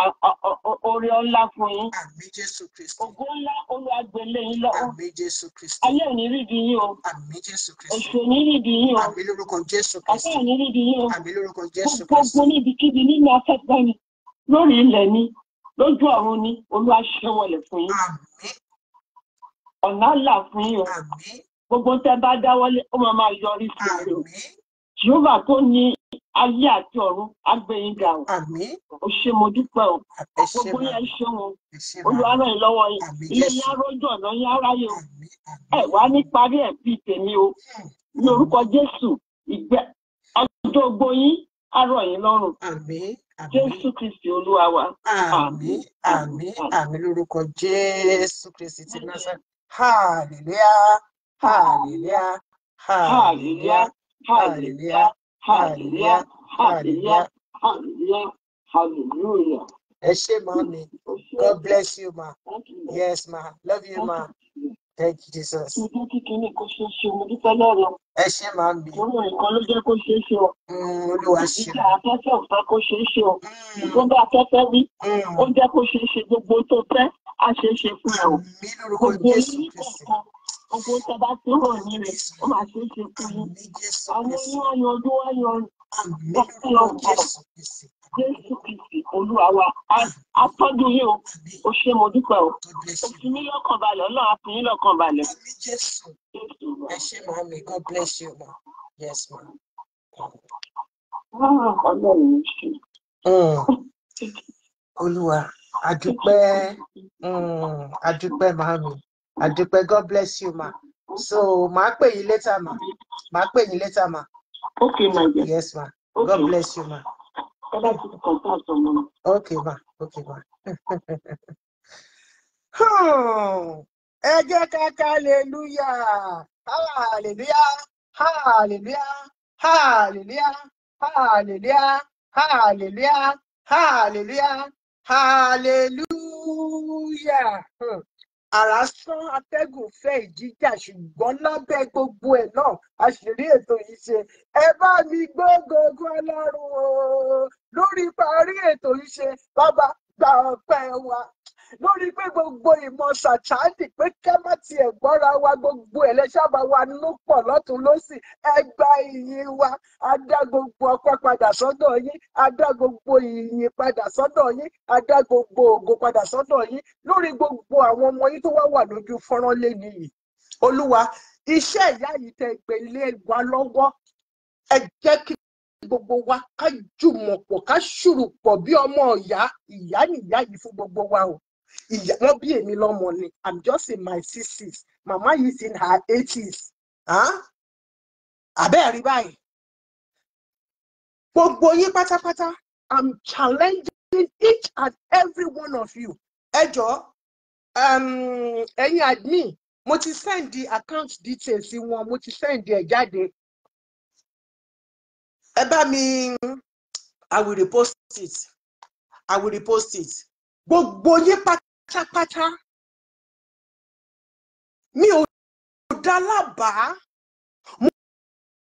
Speaker 1: orí ọlá fún yín. àmì jésù kristi. ògùn ńlá olùwàgbélé
Speaker 4: yín lọ. àmì jésù kristi. ayé ò ní rí di yín o. àmì jésù kristi. èṣù ò ní rí di yín o. àmì lórúkọ jésù kristi. ọ̀sẹ̀ ò ní rí di yín o. àmì lórúkọ jésù kristi. gbogbo níbikíbi nínú afẹ́fẹ́ ni
Speaker 1: lórí ilẹ̀ ni lójú ọ̀run ni olúwa ṣe wọlé fún yín. àmì. ọ̀nà àlà fún yín o. àmì. gbogbo tẹ́ bá dáwọ́lé ó máa máa yọrí sí
Speaker 4: i àmì ayé àti ọ̀run agbẹ̀yìn ga o. o ṣe mo dúpẹ́ o. gbogbo yẹn ṣe wọn. olùwárọ̀ yìí lọ́wọ́ yìí. ilé yẹn arójú
Speaker 1: ọ̀nà yẹn aráyé o. ẹ wá ní parí ẹ̀ bíi tèmi o. Hmm. ní orúkọ Jésù ìgbẹ́ ọjọ́ ogbó yín arọ̀ yín lọ́rùn. Jésù Kristi Olúwa wa. Àmín àmín àmín lórúkọ Jésù Kristi ti Násárẹ́tì. Hallelujah hallelujah hallelujah hallelujah hallelujah hallelujah hallelujah hallelujah. ẹ ṣé god bless you ma yes ma love you ma thank you jesus. ṣùgbọ́n kíkiri kò ṣe é ṣe mo dúpẹ́ lọ́rọ̀. ẹ ṣé ma mi. olùwà nǹkan ló jẹ́ kó ṣe é ṣe ọ. Mm, olúwa ṣe. ìgbà afẹ́fẹ́ ò fẹ́ kó ṣe é ṣe ọ. ìgbọ́dọ̀
Speaker 4: mm. afẹ́fẹ́ wí. Mm. ó jẹ́ kó ṣe é ṣe gbogbo tó fẹ́ á ṣe é ṣe fún ẹ o. mi lórúkọ jésù kristi. Ọkùn tẹ bá tí ó ní rẹ̀, ó máa ṣe é ṣe fún yín. Àwọn ní wọ́n yan ọdún wọ́n yan ọdún ọ̀pọ̀. Jésù Kristi Olúwa wa, a tọ́jú yín o, o ṣe mo dúpẹ́ o. O fi mí lọ́kàn balẹ̀,
Speaker 1: Ọlọ́run á fi yín lọ́kàn balẹ̀. Ẹ ṣé màámi, God bless you ma. Yes ma. Ọlọ́run ń ṣe. Mm. Olúwa, a dúpẹ́, mm, a dúpẹ́ màámi. àdúpẹ́ god bless you ma so ma pè yín later ma ma pè yín later ma. ok ma yes, yes ma okay. god bless you ma. ok ma ok ma. Hmm. ẹ jẹ́ ká ká hallelujah hallelujah hallelujah hallelujah hallelujah hallelujah hallelujah hallelujah. Hmm. àrá sán atẹ́gùn fẹ́ ìjíjà ṣùgbọ́n lábẹ́ gbogbo ẹ̀ náà àṣírí ètò yìí ṣe ẹ bá mi gbógogo ọlọ́run o lórí parí ètò yìí ṣe bàbá gba ọpẹ́ wa lórí pé gbogbo ìmọ̀ sàtáàdì pé ká má tiẹ̀ gbọ́ra wa gbogbo ẹ̀lẹ́sàbà wa nú pọ̀ lọ́tún lọ́sì ẹgbà ìyìn wa adá gbogbo ọpẹ́ padà sọ́dọ̀ yín adá gbogbo ìyìn padà sọ́dọ̀ yín adá gbogbo ògo padà sọ́dọ̀ yín lórí gbogbo àwọn ọmọ yín tó wá wà lójú fọ́nrán lé nìyí olúwa iṣẹ́ ìyá yìí tẹ gbé ilé wa lọ́wọ́ ẹ jẹ́ kí gbogbo wa ká jùmọ̀ pọ̀ ká ṣùrù pọ̀ bí ọmọ ìyá ìyá nìyá yìí fún gbogbo wa o ìyá not be a million money. i'm just in my sixties màmá is in her eighties àbẹ́ẹ̀rí báyìí gbogbo pata pata. pátápátá i'm challenging each and every one of you Ejo, um, any admin what you send the account details wọn what you send the jáde About me, i will repost it i will repost it gbogbo yín pátápátá mi ò dá lábàá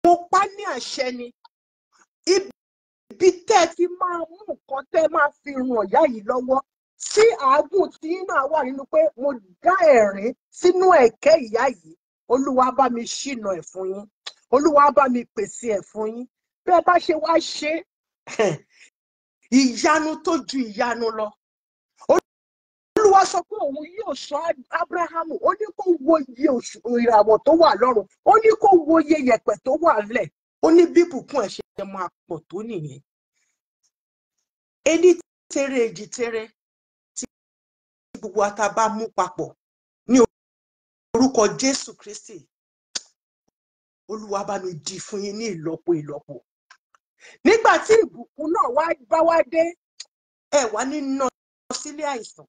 Speaker 1: mo pa ní àṣẹ ni ibi tẹ́ ẹ ti máa mú nǹkan tẹ́ ẹ máa fi ràn ìyá yìí lọ́wọ́ tí àágùn tí náà wà nínú pé mo dá ẹ̀rín sínú ẹ̀kẹ́ ìyá yìí olúwa bá mi ṣìnà ẹ̀ fún yín olúwa bá mi pèsè ẹ̀ fún yín bẹ́ẹ̀ bá ṣe wá ṣe ìyanu tó ju ìyanu lọ wá sọ pé òun yóò sọ abrahamu ó ní kó wo iye ìràwọ̀ tó wà lọ́run ó ní kó wo iye yẹ̀pẹ̀ tó wà lẹ̀ ó ní bíbùkún ẹ̀ ṣe máa pọ̀ tó nìyẹn ẹni tẹ́rẹ̀ èjì tẹ́rẹ̀ tí gbogbo ata mú papọ̀ ní orúkọ jésù kristi olúwa bá mi di fún yín ní ìlọ́po ìlọ́po nígbà tí ìbùkún náà bá wá dé ẹ wá ní nà sílé àìsàn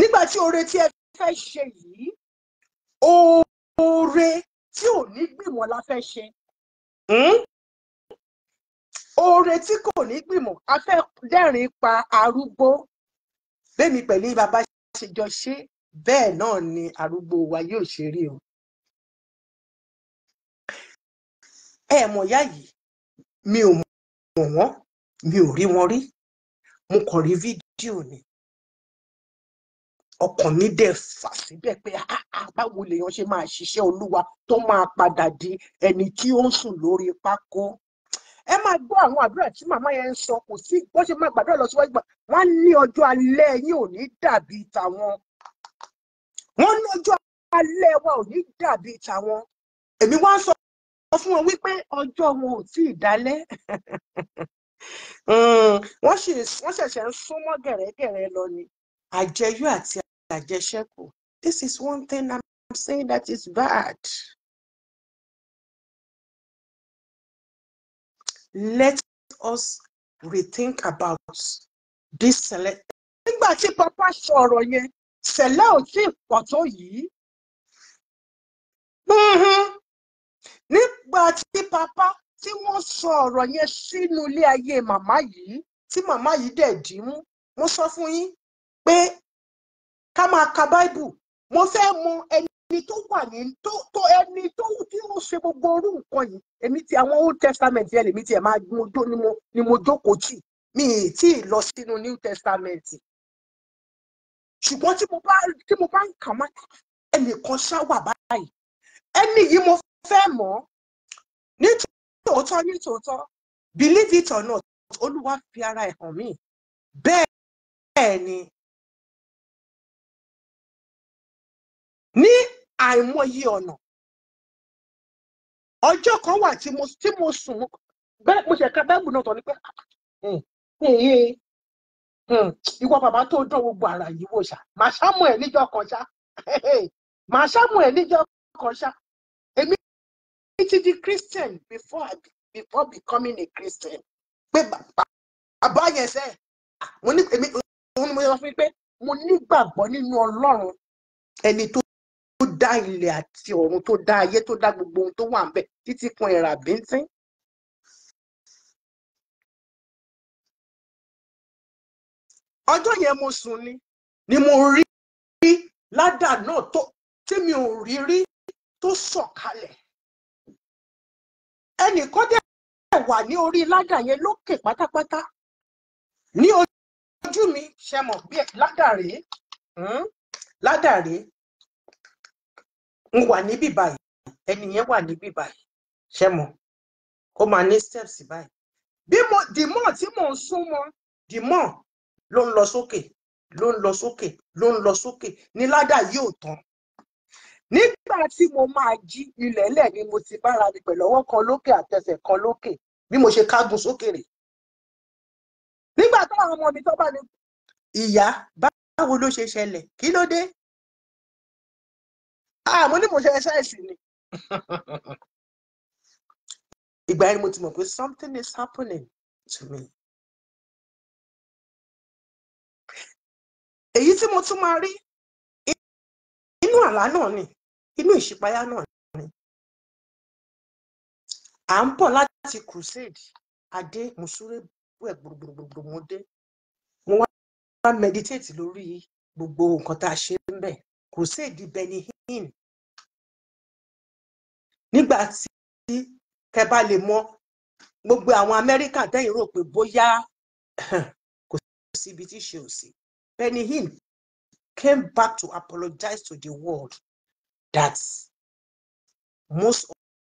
Speaker 1: nígbà tí oore tí ẹ fẹ́ ṣe yìí oore tí ò ní gbìmọ̀ la fẹ́ ṣe hmm? oore tí kò ní gbìmọ̀ a fẹ́ dẹ́rìn pa arúgbó bẹ́mi pẹ̀lú bàbá ṣe jọ ṣe bẹ́ẹ̀ náà ni arúgbó wa yóò ṣe rí o. ẹ mọ̀ ìyá yìí mi ò mọ̀ wọ́n mi ò rí wọn rí mo kàn rí fídíò ni ọkàn mi dẹ̀ fà síbẹ̀ pé ah, ah, ah, báwo lèèyàn ṣe máa ṣiṣẹ́ olúwa tó máa padà di ẹni tí ó ń sùn lórí pákó ẹ máa gbọ́ àwọn àdúrà tí màmá yẹn ń sọ kò sí bó ṣe máa gbàdúrà lọ síwájú wọn ní ọjọ́ alẹ́ yín ò ní dàbí tàwọn wọn ní ọjọ́ alẹ́ wa ò ní dàbí tàwọn èmi wá ń sọ fún wọn wípé ọjọ́ wọn ò tí ì dálẹ́ wọ́n ṣẹ̀ṣẹ̀ ń súnmọ́ gẹ̀rẹ́gẹ̀rẹ́ lọ ni àjẹyó àti àjẹṣẹ́kù. This is one thing I'm saying that is bad. Let us rethink about this Sẹ̀lẹ̀. Nígbà tí Papa sọ yẹn, Sẹ̀lẹ̀ ò tí ì pọ̀ tó yìí. Mm-hmm. Nígbà tí Papa tí wọ́n sọ ọ̀rọ̀ yẹn sínú ilé ayé màmá yìí, tí màmá yìí dẹ̀ dì mú, mo sọ fún yín pé ká máa ka báìbù mo fẹ́ mọ ẹni tó wà ní tó tó ẹni tó tí ó ṣe gbogbo orú nǹkan yìí èmi ti àwọn old testament yẹn lèmi ti ẹ̀ máa ni mo ni mo jókòó tì mi ì tí ì lọ sínú new testament ṣùgbọ́n tí mo bá tí mo bá ń kà má ẹnìkan ṣáwà báyìí ẹni yìí mo fẹ́ mọ̀ ní tòótọ́ ní believe it or not olúwa fi ara ẹ̀ hàn
Speaker 3: mí bẹ́ẹ̀ ni ní àìmọye ọ̀nà ọjọ́
Speaker 1: kan wà tí mo tí mo sùn bẹ́ẹ̀ mo ṣẹ̀ka bẹ́ẹ̀bù náà tọ́ ni pé hmm, hmm, hmm, ìwọ bàbá tó dán gbogbo ara yìí wò ṣá màá ṣámú ẹ níjọ́ kan ṣá màá ṣámú ẹ níjọ́ kan ṣá èmi ti di Christian before before becoming a Christian pé bàbá yẹn sẹ mo ní èmi òun ni mo yẹ wá fún mi pé mo nígbàgbọ́ nínú Ọlọ́run ẹni tó dá ilẹ̀ àti ọ̀run tó dá ayé tó dá gbogbo ohun tó wà ń bẹ̀ títí
Speaker 3: kan ìrà bíntín.
Speaker 1: ọjọ́ yẹn mo sùn ni ni mo rí ládà náà tó tí mi ò rí rí tó sọ̀kalẹ̀ ẹnìkan dẹ̀ wà ní orí ládà yẹn lókè pátápátá ní ojú mi ṣe mọ̀ bí ládà rèé hmm? ládà rèé n wà níbí báyìí ẹni yẹn wà níbí báyìí ṣé mo ó máa ní steps báyìí bí mo the more tí mò ń sún mọ́ the more ló ń lọ sókè ló ń lọ sókè ló ń lọ sókè ní ládà yóò tán nígbà tí mo máa jí ilẹ̀lẹ̀ ni mo ti bára mi pẹ̀lú ọwọ́ kan lókè àtẹsẹ̀ kan lókè bí mo ṣe kágun sókè rè nígbà táwọn ọmọ mi tó bá ní ìyá báwo ló ṣe ṣẹlẹ̀ kí ló dé ah mo ní mo ṣe ẹsẹ́ẹ̀sì ni.
Speaker 3: ìgbà yẹn mo ti mọ̀ pé something is happening to me. èyí tí mo tún máa rí
Speaker 1: inú àlá náà ni inú ìṣípayá náà ni à ń bọ̀ láti crusade adé mùsùlùmí wẹ̀ gbogbogbò mo dé mo wá meditate lórí gbogbo nǹkan tá a ṣe ń bẹ̀ Who said Hinn nígbà tí kẹ bá lè mọ gbogbo àwọn Amẹ́ríkà tẹ́yìn rò pé bóyá kò sí tí ṣe ò sí came back to apologize to the world that most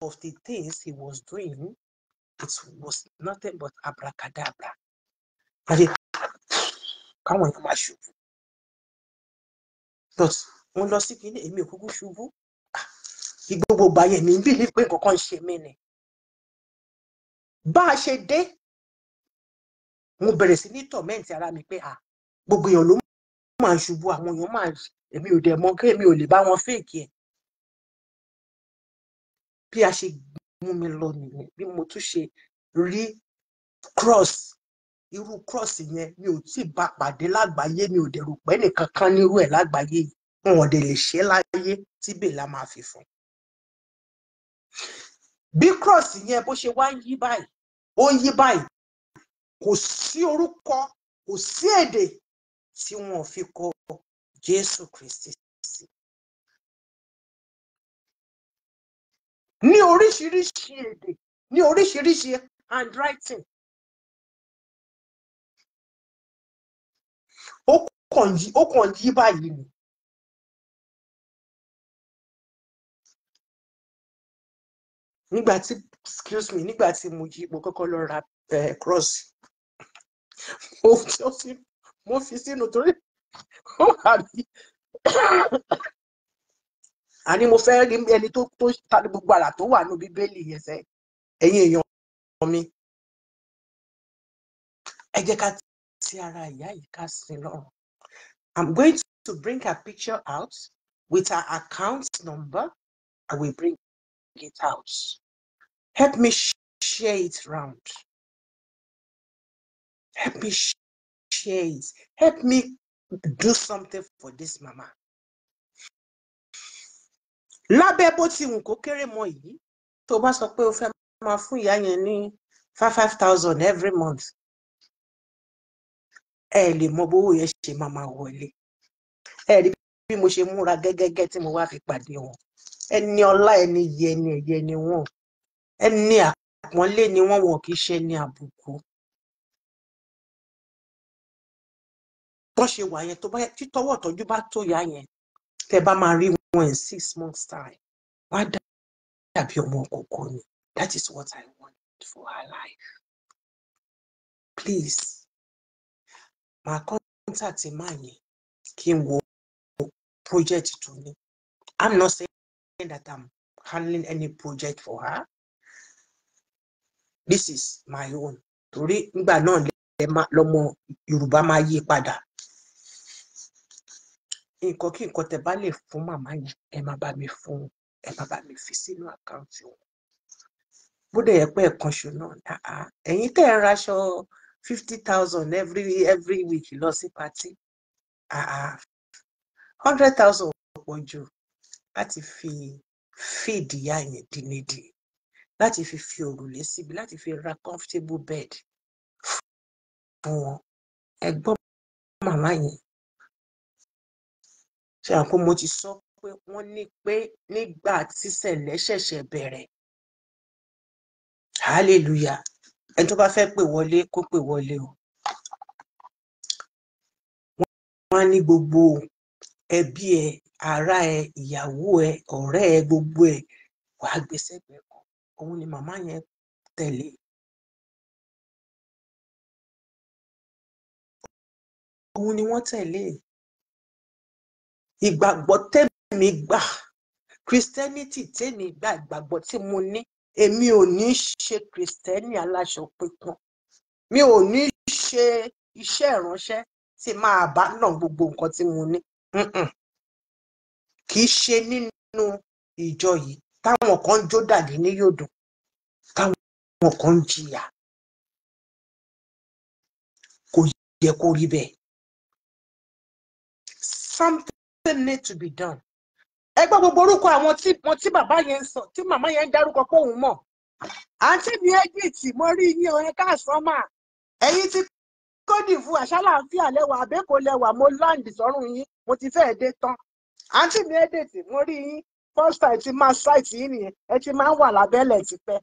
Speaker 1: of the things he was doing it was nothing but abracadabra káwọn èèyàn máa ṣòfò but mo lọ sí kinní èmi ò kúkú ṣubú gbogbo gbàyẹ̀ mi ń bí ní pé nǹkan ń ṣe mí ni bá a ṣe dé mo bẹ̀rẹ̀ sí ní tọ̀mẹ́ǹtì ara mi pé ah gbogbo èèyàn ló máa ń ṣubú àwọn èèyàn máa ń èmi ò dẹ̀ mọ̀ kí èmi ò lè bá wọn fèèkì ẹ̀ bí a ṣe mú mi lọ nìyẹn bí mo tún ṣe rí cross irú cross yẹn mi ò tí ì bá pàdé lágbàáyé mi ò dẹ̀ rò pé ẹnìkan kan nírú ẹ̀ lágbàáyé yìí wọn dẹ̀ lè ṣe láyé tí bèlà máa fi fún. bí cross yẹn bó ṣe wá ń yí báyìí ó ń yí báyìí kò sí orúkọ kò sí èdè tí wọn ò fi kọ Jésù Kristi sí.
Speaker 3: ní oríṣiríṣi èdè ní oríṣiríṣi
Speaker 1: handwriting
Speaker 3: ó kàn yí báyìí ni nígbà
Speaker 1: excuse me nígbà mo yí mo kọ́kọ́ lọ ra eh, cross mo jọ mo fi sínú torí ó wà ní àní mo fẹ́ rí ẹni tó tó ta gbogbo àrà tó wà ní bíbélì yẹn sẹ́
Speaker 3: ẹ̀yin èèyàn mi
Speaker 1: ẹ jẹ́ ká ti ara ìyá yìí ká sin lọ́rùn I'm going to bring her picture out with her account number I will bring it out. Help me share it round. Help me share it. Help me do something for this mama. Lábẹ́ bó ti wù kó kéré mọ́ yìí, tó bá sọ pé o fẹ́ máa fún ìyá yẹn ní five five thousand every month. Ẹ lè mọ bówó yẹn ṣe máa máa wọlé. Ẹ rí bí mo ṣe múra gẹ́gẹ́gẹ́ tí mo wá fi pàdé wọn. Ẹni ọlá ẹni yẹ ẹ̀yẹ ni wọ́n ẹni àpọ́nlé ni wọ́n wọn kì ṣe ẹni àbùkù bọ́n wà yẹn tó bá títọ́wọ́ ìtọ́jú bá tó yá yẹn tẹ́ bá máa rí wọn in six months time wá dàbí ọmọ kòkó ni that is what I want for her life please máa contact má yẹn kí n wo project tó ní I'm not saying that I'm handling any project for her this is my own torí nígbà náà lọmọ yorùbá máa yí padà nǹkan kí nǹkan tẹ́ bá lè fún màmá yẹn ẹ má bá mi fún un ẹ má bá mi fi sínú àkáǹtì wọn bó dẹ̀ yẹ pé ẹ̀kan ṣù ẹ̀yin tẹ́ ń raṣọ fifty thousand every every week lọ sí patí hundred thousand pọ̀ jù láti fi fíìdì ìyá yẹn dín nídìí láti fi fi òrùlé síbi láti fi ra comfortable bed
Speaker 3: fún wọn ẹ̀gbọ́n màmá yẹn ṣe àpò mo ti
Speaker 1: sọ pé wọ́n ní pé nígbà tíṣẹ̀lẹ̀ ṣẹ̀ṣẹ̀ bẹ̀rẹ̀ hallelujah ẹni tó bá fẹ́ pè wọlé kó pè wọlé o wọ́n á ní gbogbo ẹbí ẹ ará ẹ ìyàwó ẹ ọ̀rẹ́ ẹ gbogbo ẹ wàá gbé sẹ́gbẹ̀ẹ́ òun ni màmá
Speaker 3: yẹn tẹ̀lé
Speaker 1: òun ni wọ́n tẹ̀lé ìgbàgbọ́ tèmi gbà christianity tèmi gbà ìgbàgbọ́ tí mo ní èmi ò ní ṣe kristẹni aláṣọ pípọ́n mi ò ní ṣe iṣẹ́ ìránṣẹ́ tí máa bá nà gbogbo nǹkan tí mo ní kì í ṣe nínú ìjọ yìí táwọn kan jó dàdí ní yòdò táwọn kan jìyà kò yẹ kó rí bẹ́ẹ̀ something need to be done ẹ gbọ́ gbogbo orúkọ àwọn tí wọn tí bàbá yẹn ń sọ tí màmá yẹn ń dárúkọ pé òun mọ̀ àǹtí mi ẹ́gìtì mo rí yín ọ̀rẹ́ káàsán mà ẹ̀yin ti kódì fún àṣàlàáfíà lẹ́wà àbẹ́kò lẹ́wà mo láǹdì sọ́rùn yín mo ti fẹ́ẹ̀ dé tán àǹtí mi ẹ́gìtì mo rí yín first time ti máa ṣáìtì yìí nìyẹn ẹ ti máa ń wà lábẹ́lẹ̀ tipẹ́.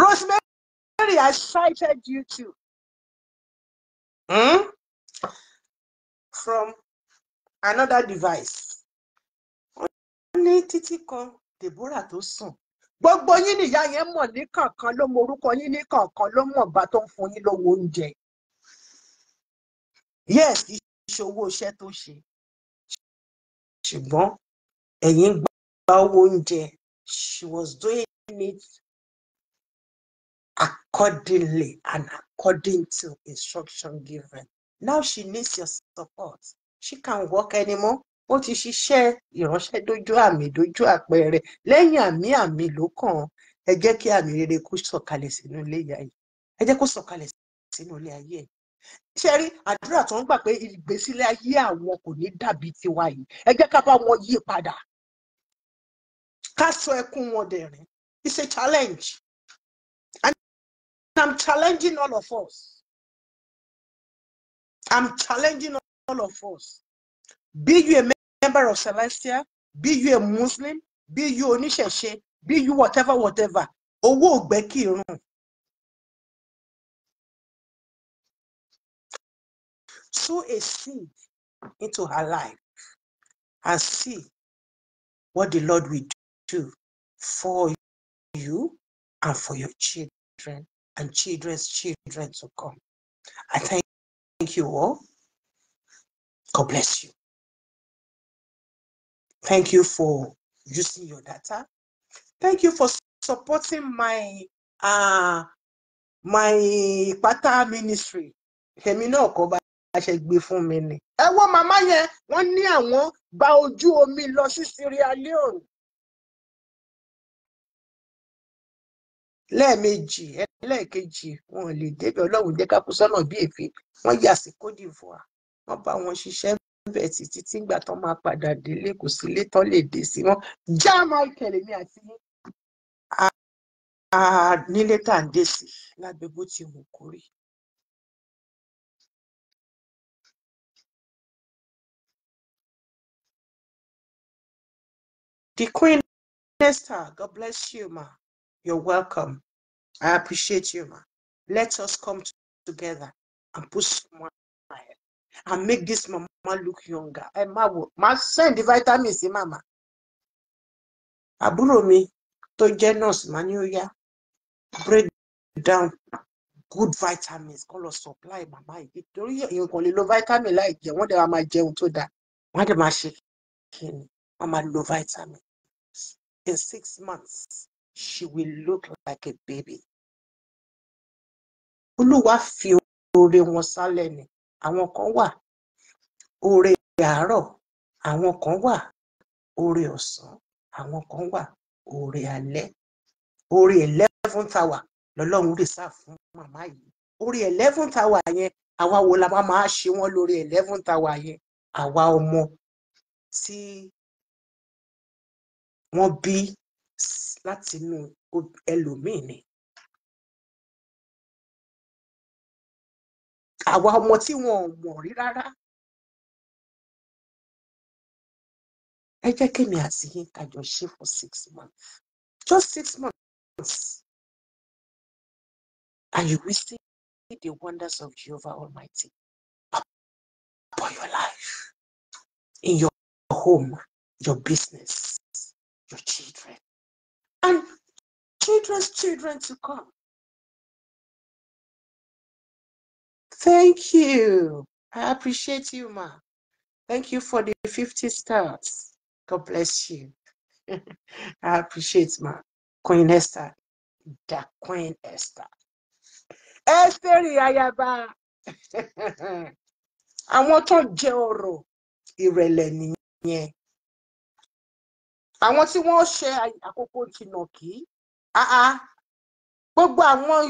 Speaker 1: Rosemary, I cited you too. Hmm? From another device. Wọ́n ní títí kan Deborah tó sùn. Gbogbo yín nìyá yẹn mọ̀ ní kọ̀ọ̀kan ló mọ orúkọ yín ní kọ̀ọ̀kan ló mọ̀ bá tó ń fún yín lówó oúnjẹ. Yes, ìṣòwò iṣẹ́ tó ṣe ṣùgbọ́n ẹ̀yìn gba owó oúnjẹ she was doing it accordingly and according to instruction given now she needs your support she can't work anymore ó ti ṣiṣẹ́ ìránṣẹ́ dójú àmì dójú àpẹẹrẹ lẹ́yìn àmì àmì ló kàn ẹ jẹ́ kí àmì rere kó sọ̀kalẹ̀ sínú ilé ayé ẹ jẹ́ kó sọ̀kalẹ̀ sínú ilé ayé ẹ̀ ṣe rí àdúrà tó ń gbà pé ìgbésílẹ̀ ayé àwọn kò ní dàbí tiwa yìí ẹ jẹ́ ká bá wọn yí padà ká sọ ẹkún wọn dẹ̀rín it's a challenge and i'm challenging all of us i'm challenging all of us be you a member of Celestia be you a Muslim be you oníṣẹ̀ṣe be you whatever whatever owó ògbẹ́ kì í rùn sow a seed into her life and see what the Lord will do for you and for your children and children's children to come. I thank, thank you all. God bless you. Thank you for using your data. Thank you for supporting my uh my pata ministry. Hemi no àṣẹgbè fún mi ni. ẹ wo màmá yẹn wọ́n ní àwọn gba ojú omi lọ sí Sierra Leone. lẹ́ẹ̀mejì ẹlẹ́ẹ̀kejì wọn lè débi ọlọ́run jẹ́ ká kú sọ́nà bí èpè wọ́n yà sí Côte d'Ivoire wọ́n bá wọn ṣiṣẹ́ bẹ́ẹ̀ títí tí ìgbà tán máa padà délé kò sí ilé tán lè dé sí wọn já Michael èmi àti nílé tá à ń dé sí lágbègbè tí mo kórè The Queen Esther, God bless you, ma. You're welcome. I appreciate you, ma. Let us come together and push someone ahead and make this mama look younger. And ma, ma send the vitamins, mama. Àbúrò mi tó jẹ́ nurse ma yá. Break down good vitamins kọ́ lọ supply màmá yìí. Torí èèyàn kan lè lo vitamin like jẹun, wọ́n dẹ̀ máa jẹun tó dáa. Wọ́n á dẹ̀ máa ṣe kí ni, wọ́n máa lo vitamin. in six months she will look like a baby. olúwa fi oore wọn sálẹ̀ ni àwọn kan wà oore àárọ̀ àwọn kan wà oore ọ̀sán àwọn kan wà oore alẹ́ oore eleven tower lọ́lọ́run reserve fún màmá yìí oore eleven tower yẹn àwa wo la máa máa ṣe wọ́n lórí eleven tower yẹn àwa ọmọ tí wọ́n bí láti inú
Speaker 3: ẹlòmíì ni. àwa ọmọ tí wọn ò mọ̀ rí rárá. ẹ jẹ́ kémi àti yín ká ṣe for six months just six months and you will see the wonders of
Speaker 1: Jehovah Almighty
Speaker 3: for your life in your home your business
Speaker 1: your children and children's children to come. Thank you. I appreciate you, ma. Thank you for the 50 stars. God bless you. I appreciate ma. Queen Esther. The Queen Esther. Esther I want tó jẹ́ ọ̀rọ̀ ìrẹ̀lẹ̀ àwọn tí wọ́n ṣe àkókò jìnnà kí gbogbo àwọn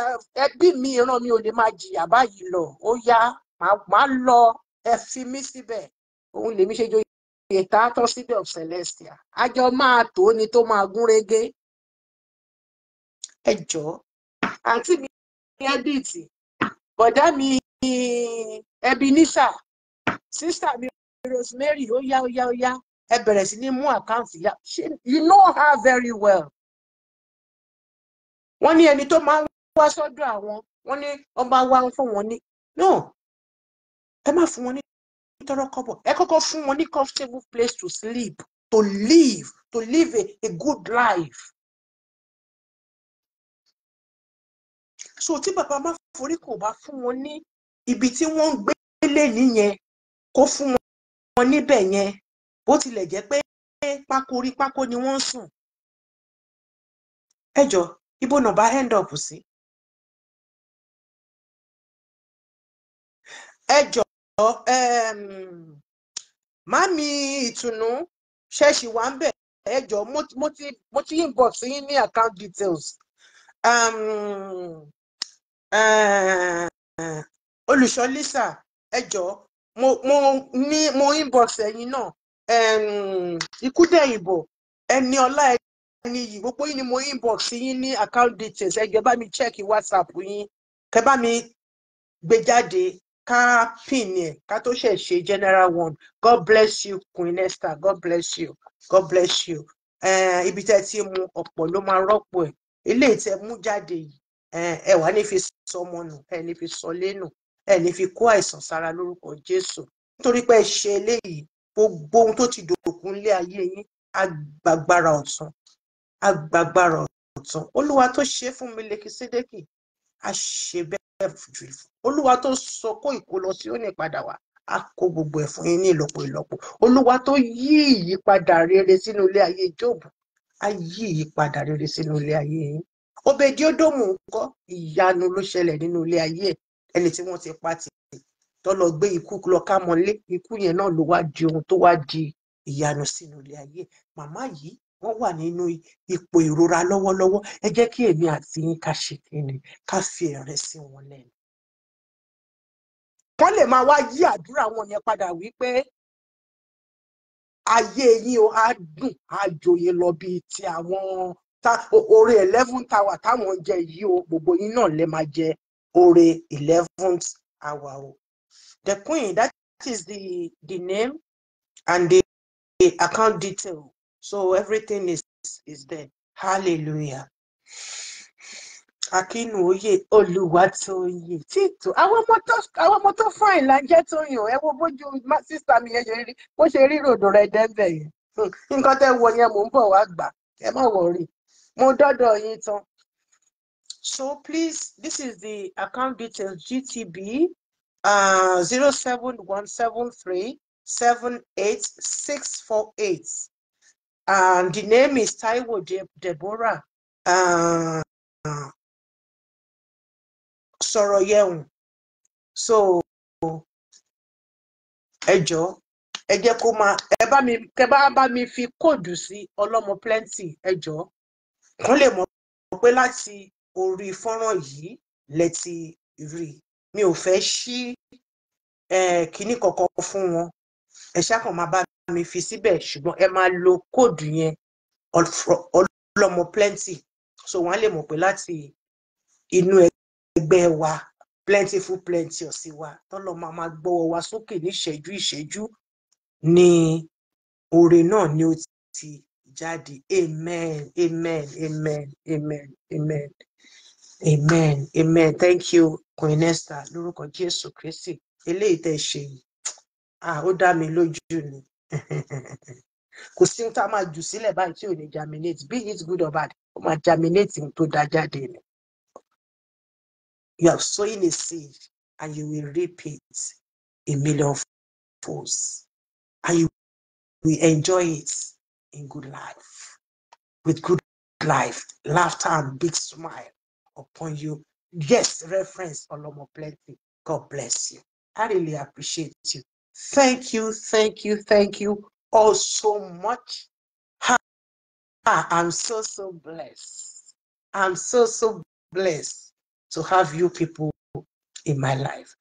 Speaker 1: eh, ẹbí mi ìran mi ò lè máa jìyà báyìí lọ ó yá màá lọ ẹ fi mí síbẹ̀ òun lèmi ṣe joyè tá a tọ́ síbẹ̀ of Celestia àjọ máa tó ni tó máa gún régé ẹ jọ àǹtí mi ẹbìtì bọ̀dá mi ẹbí níṣà sísà mi Rosemary ó yá ó yá ó yá ẹ bẹ̀rẹ̀ sí ní mú àkáǹtì yá you know her very well. wọ́n ní ẹni tó máa ń wá sọ́dọ̀ àwọn wọ́n ní wọ́n bá wá fún wọn ní no ẹ má fún wọn ní tọrọ kọ́bọ̀ ẹ kọ́kọ́ fún wọn ní comfortable place to sleep to live to live a, a good life. so tí bàbá má forí kò bá fún wọn ní ibi tí wọ́n ń gbélé nìyẹn kó fún wọn níbẹ̀ yẹn bó tilẹ̀ jẹ́ pé pákó orí pákó ni wọ́n ń sùn
Speaker 3: ẹ jọ ibo nàbá end up sí.
Speaker 1: ẹ jọ mami ìtùnú ṣẹ́ẹ̀ṣì wà ń bẹ̀ ẹ jọ mo ti inbox yín ní account details. Um, uh, olùṣọ́ lisa ẹ jọ mo mo ní mo inbox ẹ̀yin náà Ikúdẹ̀yìnbọ̀ ẹni ọlá ẹni yìí gbogbo yìí ni mo inbox yín ní account details ẹ jẹ́ bá mi check whatsapp yín kẹ́ bá mi gbé jáde ká pin ẹ ká tó ṣe ṣe general one god bless you queen esther god bless you god bless you eh, ibi tẹ́ ti mu ọ̀pọ̀ ló máa rọ́pò ẹ̀ ilé ìtẹ́ mú jáde yìí eh, ẹ wà ní fi sọmọ nù ẹ ní fi sọlé nù ẹ ní fi kó àìsàn sára lórúkọ jésù nítorí pé ẹ ṣe eléyìí gbogbo ohun tó ti dòkun lé ayé yín agbàgbára ọ̀tún agbàgbára ọ̀tún olúwa tó ṣe fún mi Lékísédékì a ṣe bẹ́ẹ̀ jù olúwa tó sọ kó ìkó lọ sí òní padà wá a kó gbogbo ẹ̀ fún yín ní ìlọ́po ìlọ́po olúwa tó yí ìyípadà rere sínú ilé ayé Jóòbù a yí ìyípadà rere sínú ilé ayé yín Òbèdíódómù ńkọ́ ìyanu ló ṣẹlẹ̀ nínú ilé ayé ẹni tí wọ́n ti pa tì tó lọ gbé ikú lọ ká mọ́lé ikú yẹn náà ló wá di ohun tó wá di ìyanu sínú ilé ayé màmá yìí wọ́n wà nínú ipò ìrora lọ́wọ́lọ́wọ́ ẹ jẹ́ kí èmi àti yín ká ṣe kíni ká fi ẹ̀rín sí wọn lẹ́nu. wọ́n lè máa wá yí àdúrà wọn yẹn padà wípé ayé yín o á dùn á joyè lọ bíi ti àwọn oore eleven tower táwọn jẹ yìí o gbogbo yín náà lè máa jẹ oore eleven hour o The queen, that is the, the name and the, the account detail. So everything is, is there. Hallelujah. akínwòye olùwàtòyè títù àwọn ọmọ tó àwọn ọmọ tó fàìn la jẹ tóyìn o ẹ wo bójú sister, mi yẹn bó ṣe rí ròdò rẹ dẹ́ńbẹ̀ yẹn nǹkan tẹ́ wọ yẹn mò ń bọ̀ wá gbà ẹ má wọrí mo n wa gba yín tán. so please this is the account details GTB uh, 07173 78648. And the name is Taiwo De- Deborah uh, uh Soroyeun. So, ẹjọ́ ẹ jẹ́ kó máa ẹ bá mi kẹ bá bá mi fi kóòdù sí ọlọ́mọ plenty ẹjọ́ kó lè mọ̀ pé láti orí fọ́nrán yìí lẹ ti rí i mi ò fẹ́ ṣí kinní kankan fún wọn ẹ ṣàkàn máa bá mi fi síbẹ̀ ṣùgbọ́n ẹ máa lo kóòdù yẹn ọlọ́mọ plenty so wọ́n á lè mọ̀ pé láti inú ẹgbẹ́ wa plentiful plenty ọ̀sì wa tọ́lọ́ máa máa gbọ́wọ́ wa sókè ní ìṣẹ́jú ìṣẹ́jú ni oore náà ni ó ti jáde amen amen amen amen amen amen amen thank you queen esther lórúkọ jésù kristi eléyìí tẹ ṣe yìí ah ó dá mi lójú ni kò sí tá a máa jù sílẹ̀ báyìí tí ò ní germinate be it good or bad ó máa germinate tó dá jáde ni you are sowing a seed and you will reap it a million folds and you will enjoy it in good life with good life laughter and big smile upon you. Yes, reference Olomo Plenty. God bless you. I really appreciate you. Thank you, thank you, thank you all so much. I'm so, so blessed. I'm so, so blessed to have you people in my life.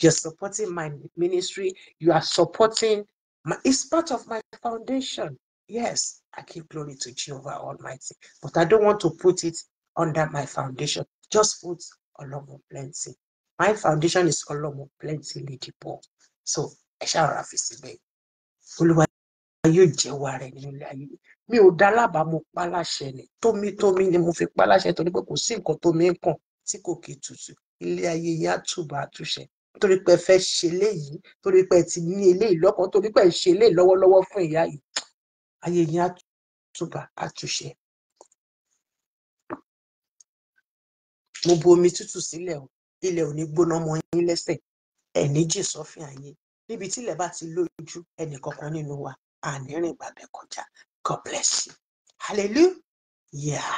Speaker 1: You're supporting my ministry. You are supporting my, it's part of my foundation. Yes, I give glory to Jehovah Almighty, but I don't want to put it under my foundation. Just put Olomo Plenty. My foundation is Olomo Plenty Ladipo. So ẹ ṣàrà fi síbẹ̀. Olúwa yóò jẹ́wọ́ rẹ̀ nínú ilé ayé. Mi ò dá lábàá mo pa láṣẹ ni. Tómi-tómi ni mo fi pa láṣẹ torí pé kò sí nǹkan tómi ń kàn tí kò kì í tutù. Ilé ayé yẹn á túbọ̀ àtúnṣe. Torí pé ẹ fẹ́ ṣe léyìí. Torí pé ẹ ti ní eléyìí lọ́kàn. Torí pé ẹ ṣe eléyìí lọ́wọ́lọ́wọ́ fún ìyá yìí. Ayé yẹn á àtúnṣe. mo bu omi tútù sílẹ̀ o ilẹ̀ ò ní gbóná mọ́ yín lẹ́sẹ̀ ẹ̀ ní jì sọ́fìn àyè níbi tílẹ̀ bá ti lójú ẹnì kankan nínú wa àní rìn gbàgbẹ́ kọjá God bless you hallelujah.